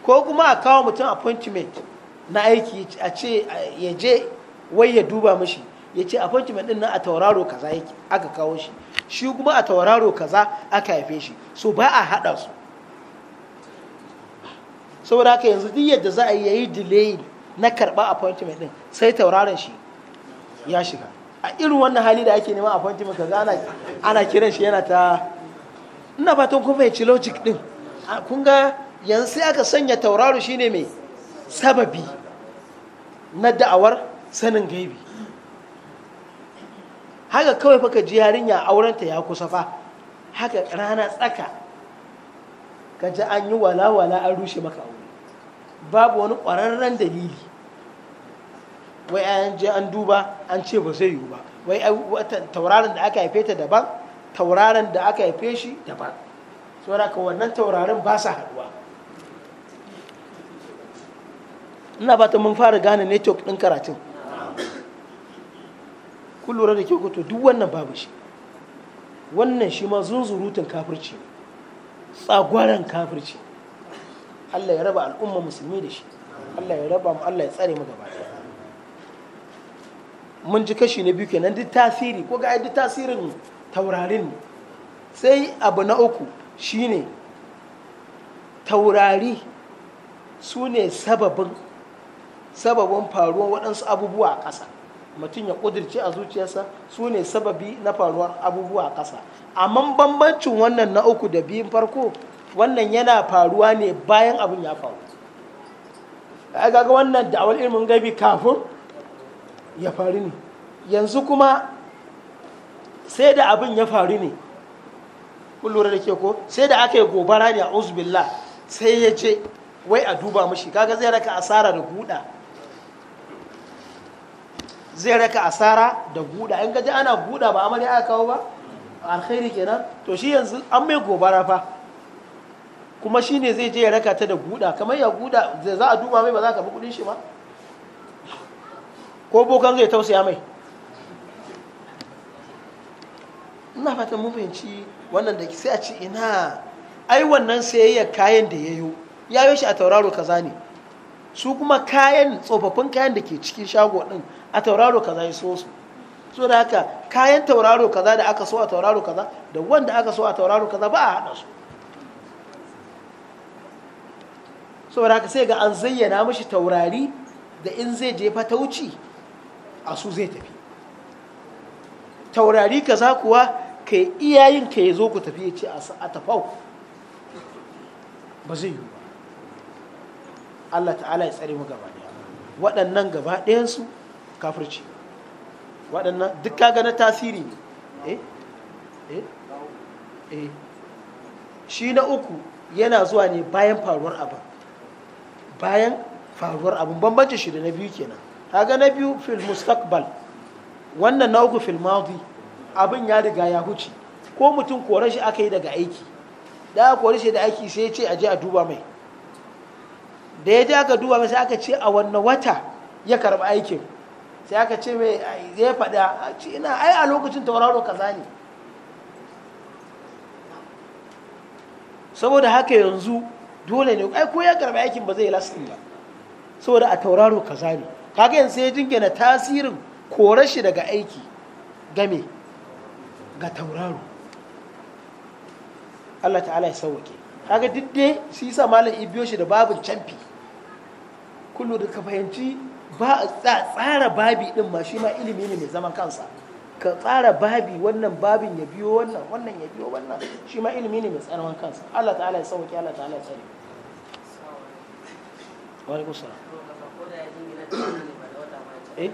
ko kuma a kawo mutum appointment na aiki a ce ya je wai ya duba mashi ya ce appointment din nan a tauraro kaza aka kawo shi shi kuma a tauraro kaza aka haife shi so ba a haɗa su saboda haka yanzu duk yadda za a yi yayi delay na karba appointment din sai tauraron shi ya shiga a irin wannan hali da ake neman appointment kaza ana ana kiran shi yana ta ina fatan kun fahimci logic din kun ga yanzu sai aka sanya tauraro shine mai sababi na da'awar sanin gaibi haka kawai ka ji yarinya auren ta ya kusa fa haka rana tsaka ka ji an yi wala-wala an rushe maka abu babu wani ƙwararren dalili wai an je an duba an ce ba zai yiwu ba wai tauraron da aka haife ta daban tauraron da aka haife shi daban saboda ka wannan tauraron ba sa haduwa ina ba ta mun fara gane network ɗin karatun kun lura da ke kuto duk wannan babu shi wannan shi ma zunzurutun kafirci tsagwaran kafirci Allah ya raba al'umma musulmi da shi Allah ya raba mu Allah ya tsare mu gaba mun ji kashi na biyu kenan duk tasiri ko ga duk tasirin taurarin ne sai abu na uku shine taurari su ne sababin sababin faruwar waɗansu abubuwa a ƙasa mutum ya ƙudirce a zuciyarsa su ne sababi na faruwar abubuwa a ƙasa amma bambancin wannan na uku da biyun farko wannan yana faruwa ne bayan abin ya faru ai ga wannan da'awar ilmin gabi kafin ya faru ne yanzu kuma sai da abin ya faru ne kun da ke ko sai da aka yi gobara ne a uzbillah sai ya ce wai a duba mashi kaga zai raka asara da guda zai raka asara da guda in gaji ana guda ba amarya aka kawo ba alkhairi kenan to shi yanzu an mai gobara fa kuma shi ne zai je ya raka ta da guda kamar ya guda za a duba mai ba za ka bi kudin shi ba ko bokan zai tausaya mai ina fatan mun wannan da sai a ci ina ai wannan sayayya kayan da ya yi ya yi shi a tauraro kaza ne su kuma kayan tsofaffin kayan da ke cikin shago din a tauraro kaza ya so su so da haka kayan tauraro kaza da aka so a tauraro kaza da wanda aka so a tauraro kaza ba a haɗa su saboda haka sai ga an zayyana mashi taurari da in zai je wuce a su zai tafi taurari ka za kuwa ka iya yin ka ya zo ku tafi ya ce a tafau ba zai yi ba Allah ta'ala ya tsare mu gaba daya waɗannan gaba ɗayansu kafirci waɗannan duk ka na tasiri ne eh? Eh? Eh. shi na uku yana zuwa ne bayan faruwar abin bayan faruwar abin bambancin shi da na biyu kenan kaga na biyu fil mustaqbal wannan na uku fil madi abin ya riga ya huce ko mutum kore shi aka yi daga aiki da aka kore shi da aiki sai ya ce a je a duba mai da ya je aka duba mai sai aka ce a wannan wata ya karɓi aikin sai aka ce mai zai faɗa ina ai a lokacin tauraro kaza ne saboda haka yanzu dole ne ai ko ya karɓi aikin ba zai lastin ba saboda a tauraro kaza ne kaga yanzu ya jingina tasirin kore shi daga aiki game ga tauraro Allah ta'ala ya sauwake kaga duk dai shi sa malam ibiyo shi da babin canfi kullu da ka fahimci ba a tsara babi din ma shi ma ilimi ne mai zaman kansa ka tsara babi wannan babin ya biyo wannan wannan ya biyo wannan shi ma ilimi ne mai tsanawan kansa Allah ta'ala ya sauke Allah ta'ala ya tsare wa eh?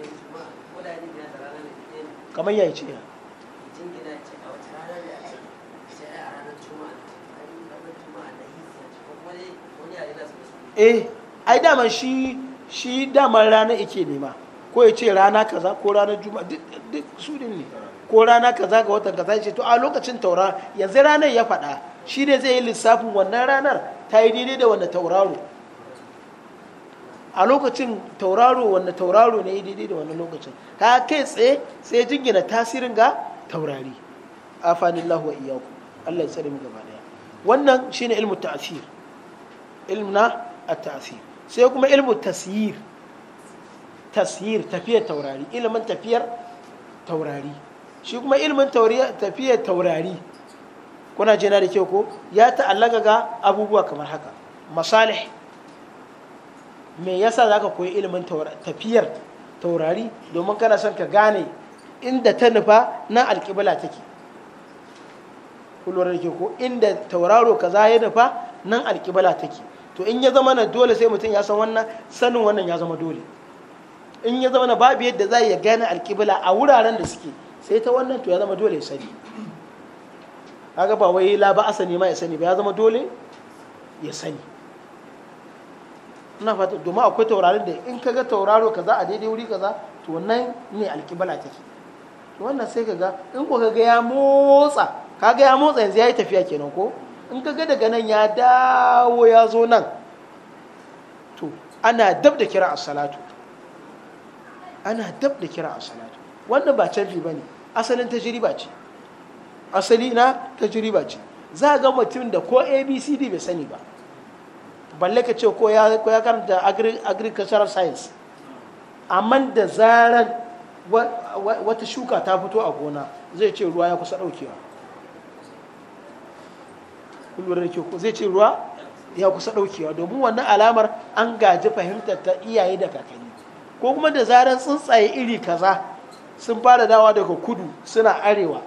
kamar yayi ce eh ai daman shi shi daman rana ike nema ko ya ce rana kaza ko ranar juma'a duk su ne ko rana kaza ga watan kaza ce to a lokacin tauraro yanzu ranar ya faɗa shi ne zai yi lissafin wannan ranar ta yi daidai da wannan tauraro a lokacin tauraro wanne tauraro ne daidai da wannan lokacin ta kai tsaye sai jingina tasirin ga taurari afanillahu wa iyyaku Allah ya mu gaba daya wannan shine ilmu ilmu na a ta'asir sai kuma ilmu tasyir tasyir tafiyar taurari ilimin tafiyar taurari shi kuma ilimin tafiyar taurari kuna jina da kyau ko ya ta'allaka ga abubuwa kamar haka masalih me yasa zaka koyi ilimin tafiyar taurari domin kana son ka gane inda ta nufa na alƙibla take kullum ke ko inda tauraro za ya nufa nan alƙibla take to in ya zama na dole sai mutum ya san wannan sanin wannan ya zama dole in ya zama na babu yadda za ya gane alƙibla a wuraren da suke sai ta wannan to ya zama dole ya sani kaga ba wai la ba asani ma ya sani ba ya zama dole ya sani ina fata domin akwai taurarin da in kaga tauraro kaza a daidai wuri kaza to wannan ne alkibala take to wannan sai kaga in ko kaga ya motsa kaga ya motsa yanzu ya yi tafiya kenan ko in kaga daga nan ya dawo ya zo nan to ana dab da kira as-salatu ana dab da kira as-salatu wannan ba canfi ne asalin ta jiriba ce asali na ta jiriba ce za a ga mutum da ko abcd bai sani ba balle ka ce ko ya karanta agricultural science amma da zarar wata shuka ta fito a gona zai ce ruwa ya kusa daukewa zai ce ruwa ya kusa daukewa domin wannan alamar an gaji fahimtar ta iyaye da kakanni ko kuma da zarar tsuntsaye iri kaza sun fara dawa daga kudu suna arewa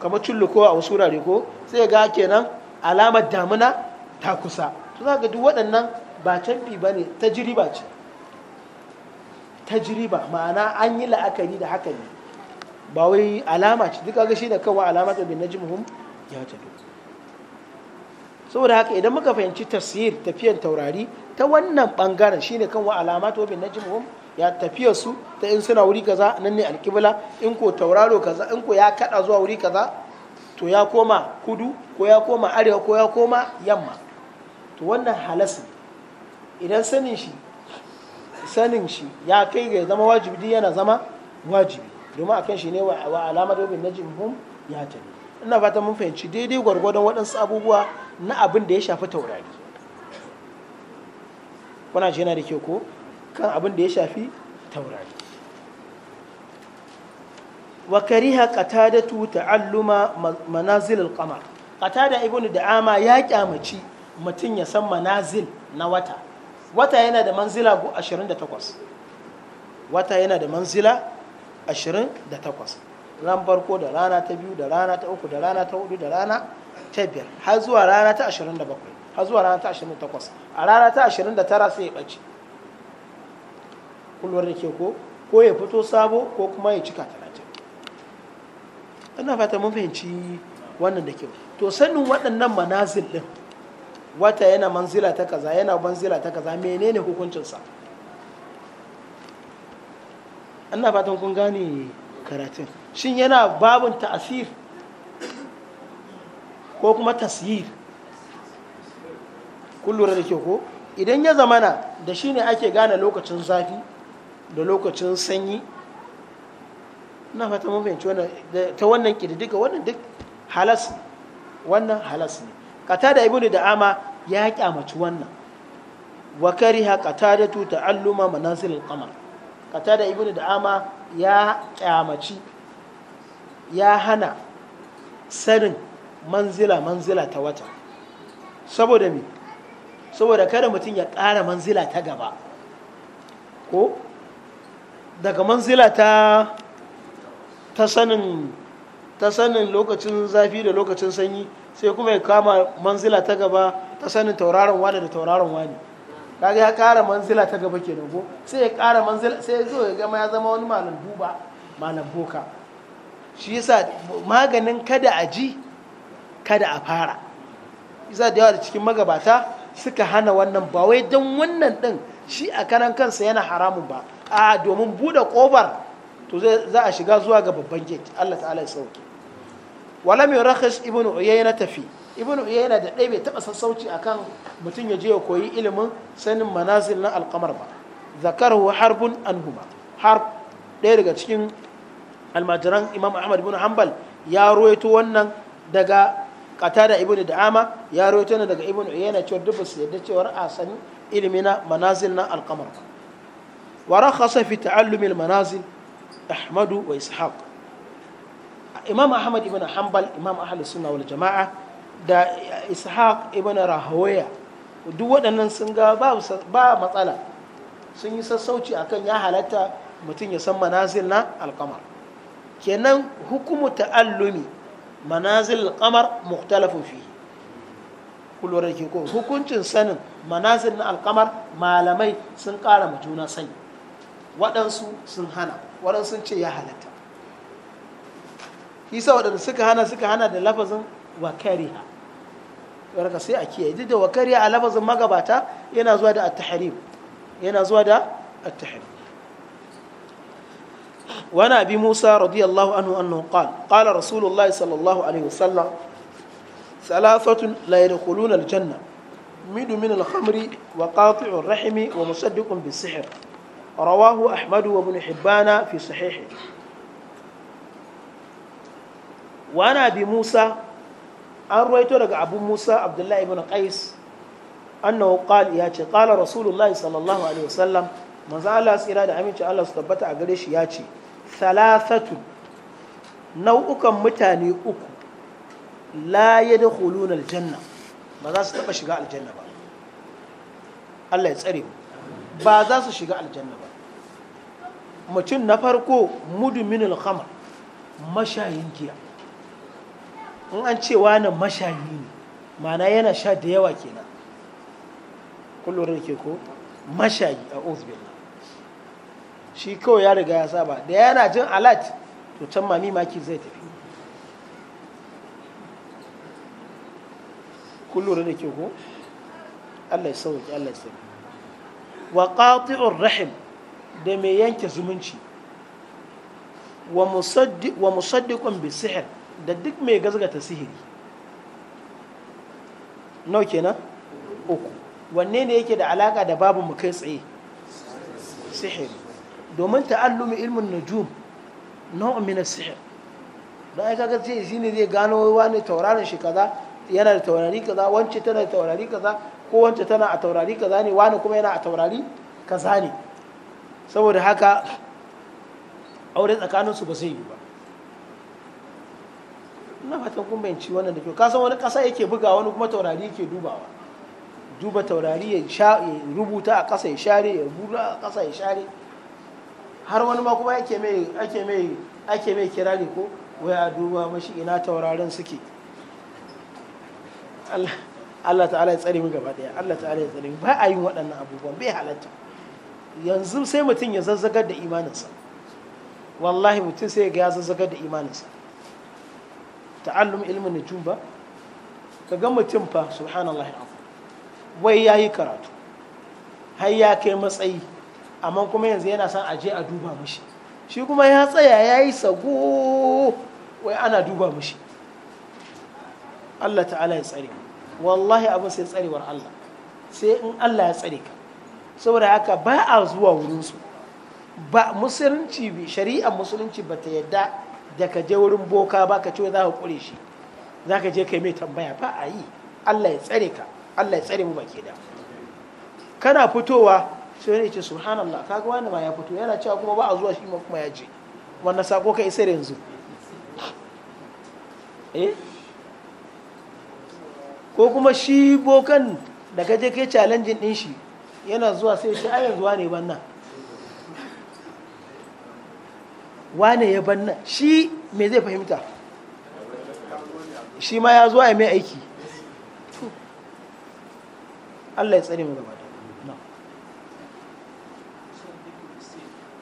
kamar cullukowa a wasu wurare ko sai ga kenan alamar damuna ta kusa to za ga duk waɗannan ba canfi ba ne tajiriba ce tajiriba ma'ana an yi la'akari da haka ne ba wai alama ce duk ga shi da kawai alama ta bin najmuhum ya tadu saboda haka idan muka fahimci tasir tafiyan taurari ta wannan bangaren shine kan wa alama ta bin najmuhum ya tafiya su ta in suna wuri kaza nan ne alkibla in ko tauraro kaza in ko ya kada zuwa wuri kaza to ya koma kudu ko ya koma arewa ko ya koma yamma to wannan halasi idan sanin shi sanin shi ya kai ga zama wajibi yana zama wajibi domin akan shi ne wa alamar yobin na jimhum ya tabi ina fata mun fahimci daidai gwargwadon waɗansu abubuwa na abin da ya shafi taurari kuna ce yana da kyau ko kan abin da ya shafi taurari wa kariha qatadatu ta'alluma manazil al-qamar qatada ibnu da'ama ya kyamaci mutum ya san manazil na wata wata yana da manzila 28 wata yana da manzila 28 ran farko da rana ta biyu da rana ta uku da rana ta hudu da rana ta biyar har zuwa rana ta 27 har zuwa rana ta 28 a rana ta 29 sai ya ɓace kullum da ke ko ko ya fito sabo ko kuma ya cika talatin ina fata mun fahimci wannan da kyau to sanin waɗannan manazil ɗin wata yana manzila ta kaza yana manzila ta kaza menene hukuncinsa ana fatan kun gane karatun shin yana babin ta'asir ko kuma tasir kun da ke ko idan ya zamana da shi ne ake gane lokacin zafi da lokacin sanyi na fata mun fahimci ta wannan ƙididdika wannan duk halas wannan halas ne da ibnu da'ama ya kyamaci wannan wa kariha tu ta'alluma manasil al-qamar da ibnu da'ama ya kyamaci ya hana sanin manzila manzila ta wata saboda me saboda kada mutum ya ƙara manzila ta gaba ko daga manzila ta ta sanin ta sanin lokacin zafi da lokacin sanyi sai kuma ya kama manzila ta gaba ta sanin tauraron wani da tauraron wani kaga ya kara manzila ta gaba kenan ko sai ya kara manzila sai ya zo ya gama ya zama wani malam buba malam boka shi yasa maganin kada a ji kada a fara yasa da yawa da cikin magabata suka hana wannan ba wai don wannan din shi a karan kansa yana haramun ba a domin buɗe ƙofar to za a shiga zuwa ga babban gate Allah ta'ala ya sauke walam yurakhis ibnu uyayna tafi ibnu uyayna da dai bai taba sassauci akan mutum ya je ya koyi ilimin sanin manazil na alqamar ba zakarahu harbun anhuma har ɗaya daga cikin almajiran imam ahmad ibn hanbal ya ruwaito wannan daga qatada ibnu da'ama ya ruwaito ne daga ibnu uyayna cewa duk su yadda cewa a sanin ilimi na manazil na alqamar ba ورخص في Ahmadu wa أحمد وإسحاق imam ahmad ibn hanbal imam ahlus sunna wal jama'a da ishaq ibn rahoya duk waɗannan sun ga ba matsala sun yi sassauci akan ya halatta mutum ya san manazil na alkamar kenan hukumu ta'allumi manazil alkamar mukhtalafun fihi kullum ke ko hukuncin sanin manazil na alkamar malamai sun ƙara ma juna sani waɗansu sun hana waɗansu sun ce ya halatta isa waɗanda suka hana suka hana da lafazin wakariha warka sai a kiyaye duk da wakariha a lafazin magabata yana zuwa da at-tahrim yana zuwa da at-tahrim وعن ابي موسى رضي الله عنه انه قال قال رسول الله صلى الله عليه وسلم ثلاثة لا يدخلون الجنة مد من الخمر وقاطع الرحم ومصدق بالسحر رواه أحمد وابن حبان في صحيحه wa ana musa an ruwaito daga abu musa abdullahi ibn qais annahu qala ya ce qala sallallahu alaihi wasallam manzo Allah tsira da aminci Allah su tabbata a gare shi ya ce thalathatu nau'ukan mutane uku la yadkhuluna aljanna ba za su taba shiga aljanna ba Allah ya tsare mu ba za su shiga aljanna ba mutum na farko muduminul khamr mashayin giya in an ce wani mashayi ne ma'ana yana sha da yawa kenan kullum da ke ko mashayi a uzbillah shi kawai ya riga ya saba da yana jin alat to can mami maki zai tafi kullum da ke ko allah ya sauki allah ya sauki wa qati'ur rahim da mai yanke zumunci wa musaddiqun bi sihr da duk mai gazgata sihiri nau kenan uku wanne ne yake da alaka da babu mu kai tsaye sihiri domin ta'allumi ilmin najum nau'in min sihir don ai kaga shi ne zai gano wani tauraron shi kaza yana da taurari kaza wance tana da taurari kaza ko wance tana a taurari kaza ne wani kuma yana a taurari kaza ne saboda haka aure tsakaninsu ba zai yi ba ina fatan kun bayanci wannan da kyau kasan wani ƙasa yake buga wani kuma taurari yake dubawa duba taurari ya rubuta a ƙasa ya share ya rubuta a ƙasa ya share har wani ma kuma ake mai ake mai ake mai kirari ko Waya a duba mashi ina taurarin suke Allah ta'ala ya tsare mu gaba daya Allah ta'ala ya tsare mu ba a yin waɗannan abubuwan bai halatta yanzu sai mutum ya zazzagar da imaninsa wallahi mutum sai ga ya zazzagar da imaninsa ta'allum ilmin nujum ba ka ga mutum fa subhanallah wai ya yi karatu har ya kai matsayi amma kuma yanzu yana son aje a duba mishi shi kuma ya tsaya ya yi sago wai ana duba mishi Allah ta'ala ya tsare wallahi abin sai tsarewar Allah sai in Allah ya tsare ka saboda haka ba a zuwa wurinsu ba musulunci shari'ar musulunci ba ta yadda da ka je wurin boka ba ka ce za ka kure shi za ka je kai mai tambaya ba a yi Allah ya tsare ka Allah ya tsare mu ke da kana fitowa sai ne ce subhanallah kaga wani ma ya fito yana cewa kuma ba a zuwa shi ma kuma ya je wannan sako ka isa yanzu eh? ko kuma shi bokan da ka je kai challenge din shi yana zuwa sai shi ce ai yanzu wane ban nan wane ya banna shi me zai fahimta shi ma ya zo ya mai aiki Allah ya tsare mu gaba da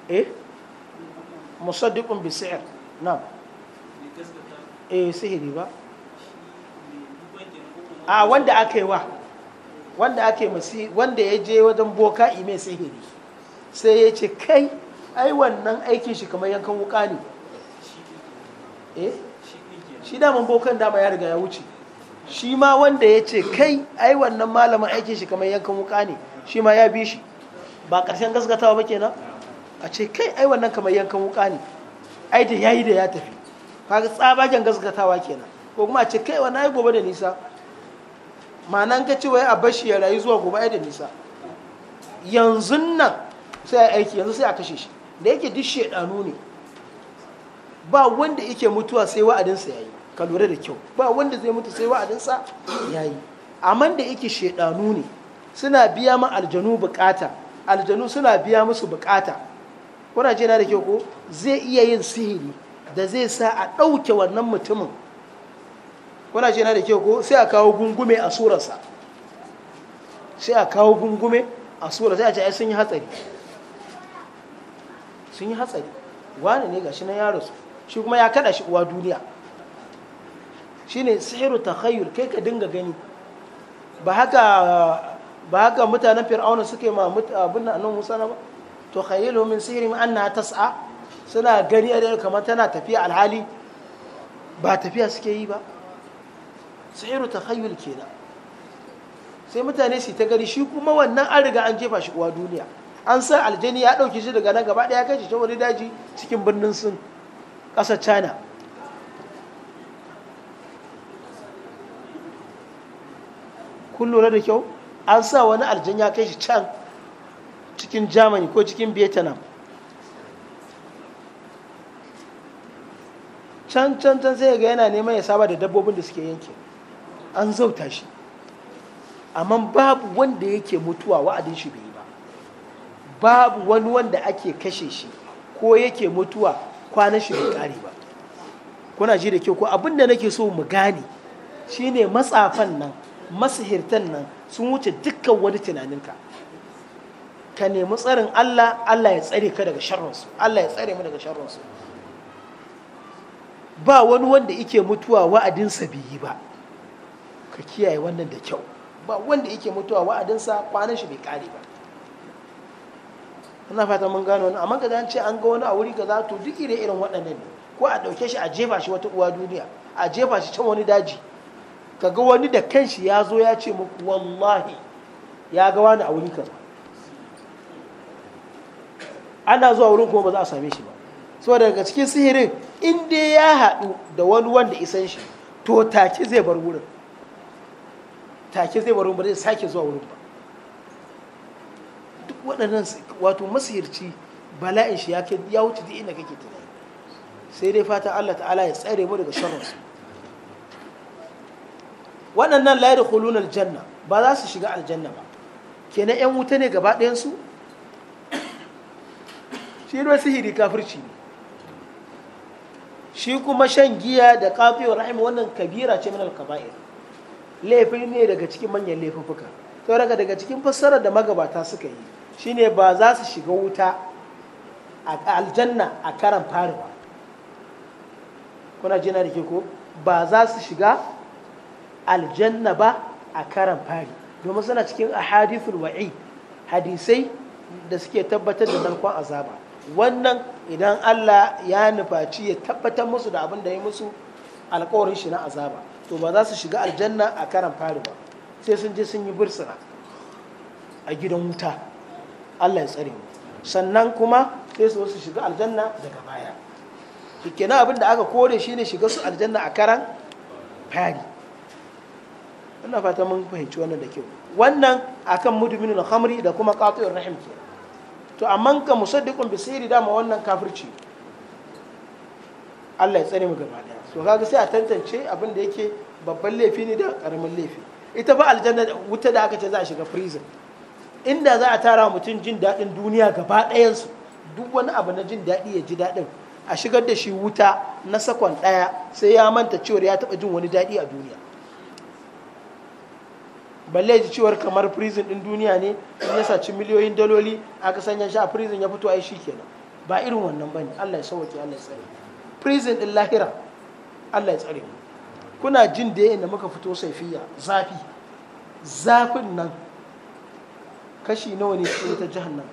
eh musaddiqun bi na eh sihiri ba a wanda aka yi wa wanda aka yi wanda ya je wajen boka ime sihiri sai ya ce kai ai wannan aikin shi kamar yankan wuka ne eh shi daman bokan dama ya riga ya wuce shi ma wanda ya ce kai ai wannan malamin aikin shi kamar yankan wuka ne shi ma ya bi shi ba ƙarshen gaskatawa ba kenan a ce kai ai wannan kamar yankan wuka ne ai da yayi da ya tafi kaga tsabagen gaskatawa kenan ko kuma a ce kai wannan ai gobe da nisa ma'anan ka ce wai a bashi ya rayu zuwa gobe ai da nisa yanzu nan sai a aiki yanzu sai a kashe shi da yake duk shaidanu ne ba wanda yake mutuwa sai wa'adinsa ya yi ka lura da kyau ba wanda zai mutu sai wa'adinsa ya yi amma da yake shaidanu ne suna biya ma aljanu bukata aljanu suna biya musu bukata kuna ce na da kyau ko zai iya yin sihiri da zai sa a ɗauke wannan mutumin kuna ce na da kyau ko sai a kawo gungume a surarsa sai a kawo gungume a surarsa sai a ce sun yi hatsari sun yi hatsari wani ne gashi na yaro su shi kuma ya kada shi uwa duniya ne sihiru takhayyul kai ka dinga gani ba haka mutanen fir'auna suke ma abin nan musa na ba to sihiri min sihirim anna tas'a suna gani a kamar tana tafiya alhali ba tafiya suke yi ba sihiru takhayyul kenan sai mutane su ta gani shi kuma wannan an riga an jefa shi uwa duniya an san aljini ya ɗauki shi daga nan gaba ɗaya kai shi wani daji cikin birnin sun ƙasar china kun lura da kyau an sa wani aljan ya kai shi can cikin germany ko cikin vietnam can can can sai ga yana neman ya saba da dabbobin da suke yanke an zauta shi amma babu wanda yake mutuwa wa'adin shi bai babu wani wanda ake kashe shi ko yake mutuwa kwanan shi bai kare ba kuna ji da kyau ko abin da nake so mu gane shine matsafan nan masihirtan nan sun wuce dukkan wani tunaninka ka nemi tsarin Allah Allah ya tsare ka daga sharrinsu Allah ya tsare mu daga sharrinsu ba wani wanda yake mutuwa wa'adinsa bai yi ba ka kiyaye wannan da kyau ba wanda yake mutuwa wa'adinsa kwanan shi bai kare ba ina fata mun gano wani amma kaza ce an ga wani a wuri kaza to duk ire irin waɗannan ne ko a ɗauke shi a jefa shi wata uwa duniya a jefa shi can wani daji ka ga wani da kanshi ya zo ya ce muku wallahi ya ga wani a wuri kaza ana zuwa wurin kuma ba za a same shi ba so daga cikin sihirin in dai ya haɗu da wani wanda isan shi to take zai bar wurin take zai bar wurin ba zai sake zuwa wurin ba waɗannan wato masihirci bala'in shi ya wuce duk inda kake tunani sai dai fatan Allah ta'ala ya tsare mu daga su waɗannan da yadkhuluna aljanna ba za su shiga aljanna ba kenan yan wuta ne gaba ɗayan shi ne sihiri kafirci ne shi kuma shan giya da kafiyar rahim wannan kabira ce min alkaba'ir Laifin ne daga cikin manyan laifuffuka to daga daga cikin fassarar da magabata suka yi shine ba za su shiga wuta a aljanna a karan fari ba kuna jina da ke ko ba za su shiga aljanna ba a karan fari domin suna cikin ahadithul wa'i hadisai da suke tabbatar da zarkon azaba wannan idan Allah ya nufaci ya tabbatar musu da abin da ya musu alkawarin shi na azaba to ba za su shiga aljanna a karan fari ba sai sun je sun yi bursuna a gidan wuta Allah ya tsare mu sannan kuma sai su su shiga aljanna daga baya na abin da aka kore shine shiga su aljanna a karan fari ina fata mun fahimci wannan da kyau wannan akan mudminul khamri da kuma qati'ur rahim ke to amma ka musaddiqun bisiri dama wannan kafirci Allah ya tsare mu gaba daya so kaga sai a tantance abin da yake babban laifi ne da karamin laifi ita ba aljanna wuta da aka ce za a shiga prison inda za a tara mutum jin daɗin duniya gaba ɗayansu duk wani abu na jin daɗi ya ji daɗin a shigar da shi wuta na sakon ɗaya sai ya manta cewar ya taɓa jin wani daɗi a duniya balle ji cewar kamar prison ɗin duniya ne in ya saci miliyoyin daloli aka sanya shi a prison ya fito a yi shi kenan ba irin wannan ba ne allah ya sauwake allah ya tsare prison ɗin lahira allah ya tsare kuna jin da yadda muka fito saifiya zafi zafin nan kashi nawa ne cikin wutar jahannam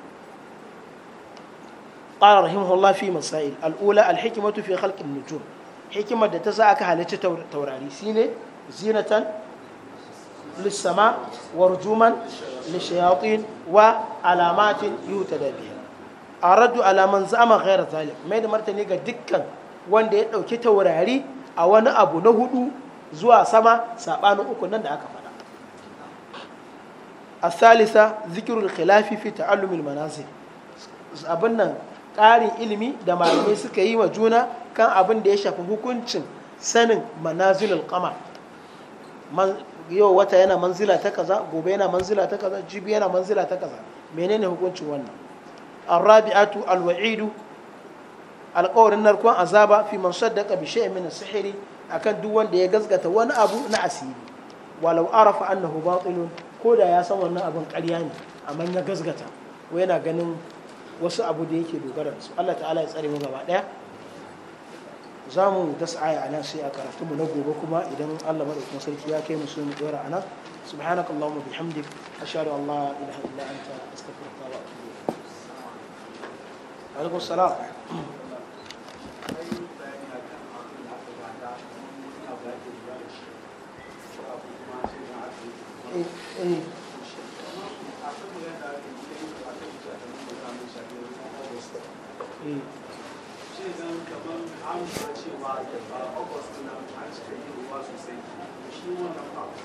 qala Allah fi masail al-ula al halkin fi khalqi nujum hikimar da ta sa aka halicci taurari shine zinatan للسماء ورجوما للشياطين وعلامات يهتدى بها أرد على من زعم da ذلك mai da martani ga dukkan wanda ya dauki taurari a wani abu na hudu zuwa sama saɓanin uku nan da aka الثالثة ذكر الخلاف في تعلم المنازل abin nan ƙarin ilimi da malamai suka yi wa juna kan abin da ya shafi hukuncin sanin manazilul qamar yau wata yana manzila ta kaza gobe yana manzila ta kaza jibi yana manzila ta kaza menene hukuncin wannan arabi'atu alwa'idu alƙawarin narkon azaba fi man saddaqa bi shay'in min as akan duk wanda ya gazgata wani abu na asiri walau arafa annahu batilun ko da ya san wannan abin ƙarya ne amma ya gasgata ko yana ganin wasu abu da yake dogara su Allah ta'ala ya tsare mu gaba ɗaya za mu dasa aya a nan sai a karatu mu na gobe kuma idan Allah madaukakin sarki ya kai mu su mu dora a nan subhanakallahumma bihamdik ashhadu an la ilaha illa anta astaghfiruka wa atubu ilaik alaikum Eh.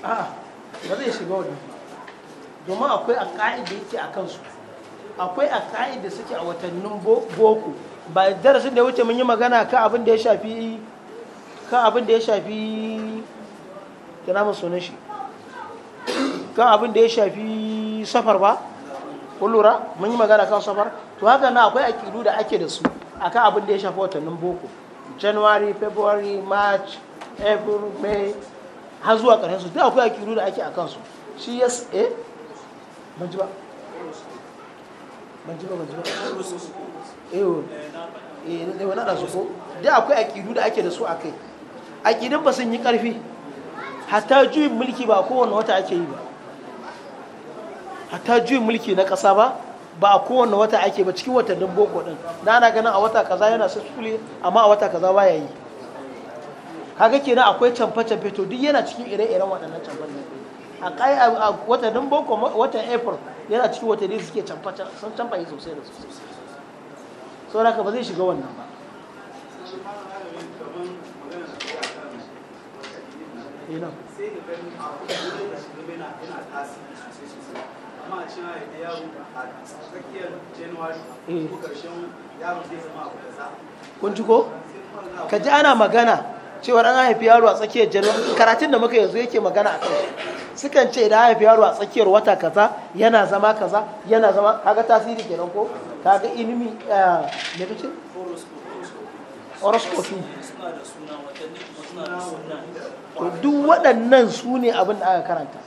Ah, ba zai shiga wani domin akwai a ka'id da yake a kansu akwai a ka'id da suke a watannin boko ba darasin da ya wuce mun yi magana ka abin da ya shafi ka abin da ya shafi kira sunan shi kan abin da ya shafi safar ba ko lura mun yi magana kan safar to haka na akwai aƙidu da ake da su akan abin da ya shafi watannin boko january february march april may har zuwa ƙarshen su duk akwai aƙidu da ake a su shi ya eh ban ji ba ban ji ba ban ji ba eh eh wani da su ko duk akwai aƙidu da ake da su a kai aƙidun ba sun yi ƙarfi hatta juyin mulki ba kowane wata ake yi ba hatta juyin mulki na ƙasa ba ba a kowane wata ake ba cikin watannin boko din na ana ganin a wata kaza yana successfully amma a wata kaza baya yi kaga kenan akwai canfa canfe to duk yana cikin ire-iren waɗannan canfa ne a kai a watannin boko wata april yana cikin watanni suke canfa sun canfa yi sosai da sosai saboda haka ba zai shiga wannan ba sai da ganin a yana tasiri sosai sosai amma a cewa da yaro a tsakiyar january mm. ko karshen yaro zai zama abu kun ji ko ka ji ana magana cewar an haifi yaro a tsakiyar january karatun da muka yanzu yake magana a kai sukan ce idan haifi yaro a tsakiyar wata kaza yana zama kaza yana zama kaga tasiri kenan ko kaga ilimi a eh, kace horoscopy to duk waɗannan su ne abin da aka karanta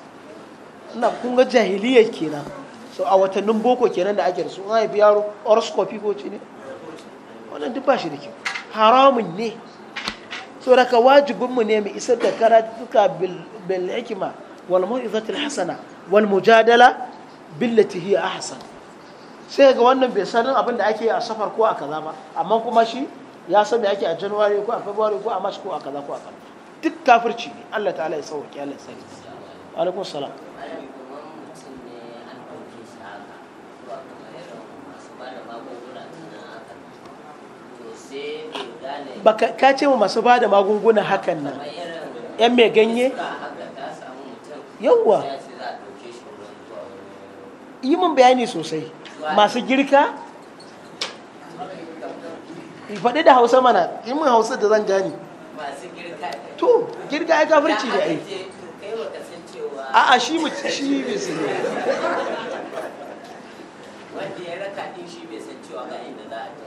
na kun ga jahiliya kenan so a watannin boko kenan da ake rasu su an haifi horoscope ko ci ne wannan duk ba shi da kyau haramun ne so daga wajibinmu ne mu isar da karatuka bil hikima wal mau'izatil hasana wal mujadala billati hiya ahsan sai ga wannan bai sanin abin da ake a safar ko a kaza ba amma kuma shi ya san da ake a januwari ko a february ko a march ko a kaza ko a kaza duk kafirci ne Allah ta'ala ya sauke Allah sai alaikum salam ka ce masu ba da magunguna hakan nan yan mai ganye yawwa yi mun bayani sosai masu girka faɗi da hausa mana yi mun hausa da zan gani to girka ya gafarci da ai a a shi mu shi bai su ne wanda ya raka din shi bai san cewa ga inda za a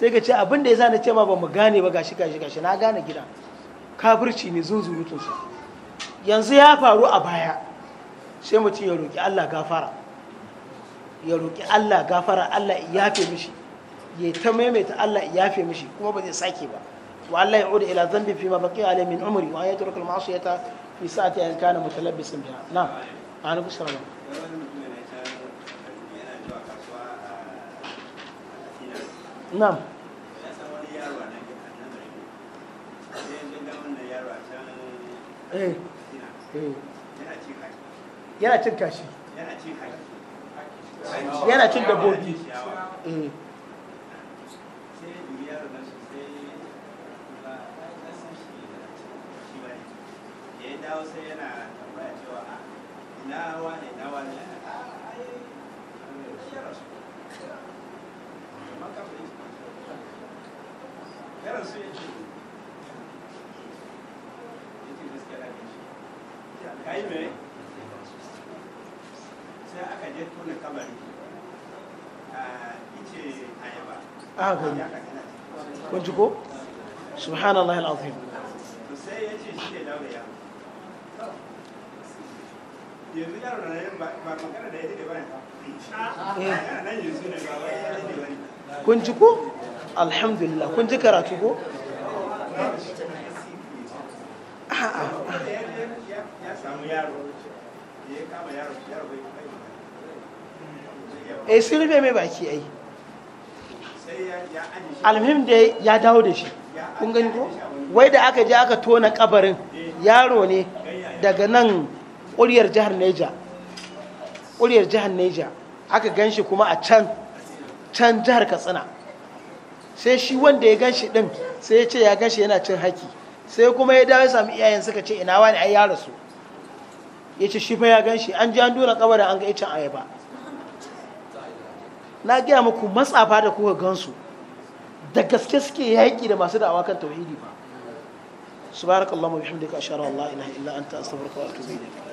sai ka ce abin da yasa na ce ma ba mu gane ba gashi gashi gashi na gane gida kafirci ne zunzurutun su yanzu ya faru a baya sai mutum ya roƙi Allah gafara ya roƙi Allah gafara Allah ya yafe mishi ya ta maimaita Allah ya yafe mishi kuma ba zai sake ba wa Allah ya uda ila zambi fi ma baqiya alayhi min umri wa ayatul ma'siyata fi sa'ati an kana mutalabbisin biha na'am kusa ba. na eh. eh. yana cin kashi yana cin dabobi. Eh. yaran su ah, e ah, e subhanallah ko alhamdulillah kun ji karatu ko eh sun rufe mai baki ai alhim da ya dawo da shi kun gani ko wai da aka je aka tona kabarin yaro ne daga nan ƙuryar jihar neja ƙuryar jihar neja aka gan shi kuma a can can jihar katsina sai shi wanda ya ganshi din sai ya ce ya ganshi yana cin haki sai kuma ya dawo sami iyayen suka ce ina wani ai ya rasu ya ce shi fa ya ganshi an ji an dora kabarin an ga icin ayaba na gaya muku matsafa da kuka gansu da gaske suke yaƙi da masu da'awa kan tauhidi ba subhanakallahumma bihamdika ashhadu an la ilaha illa anta astaghfiruka wa atubu ilayk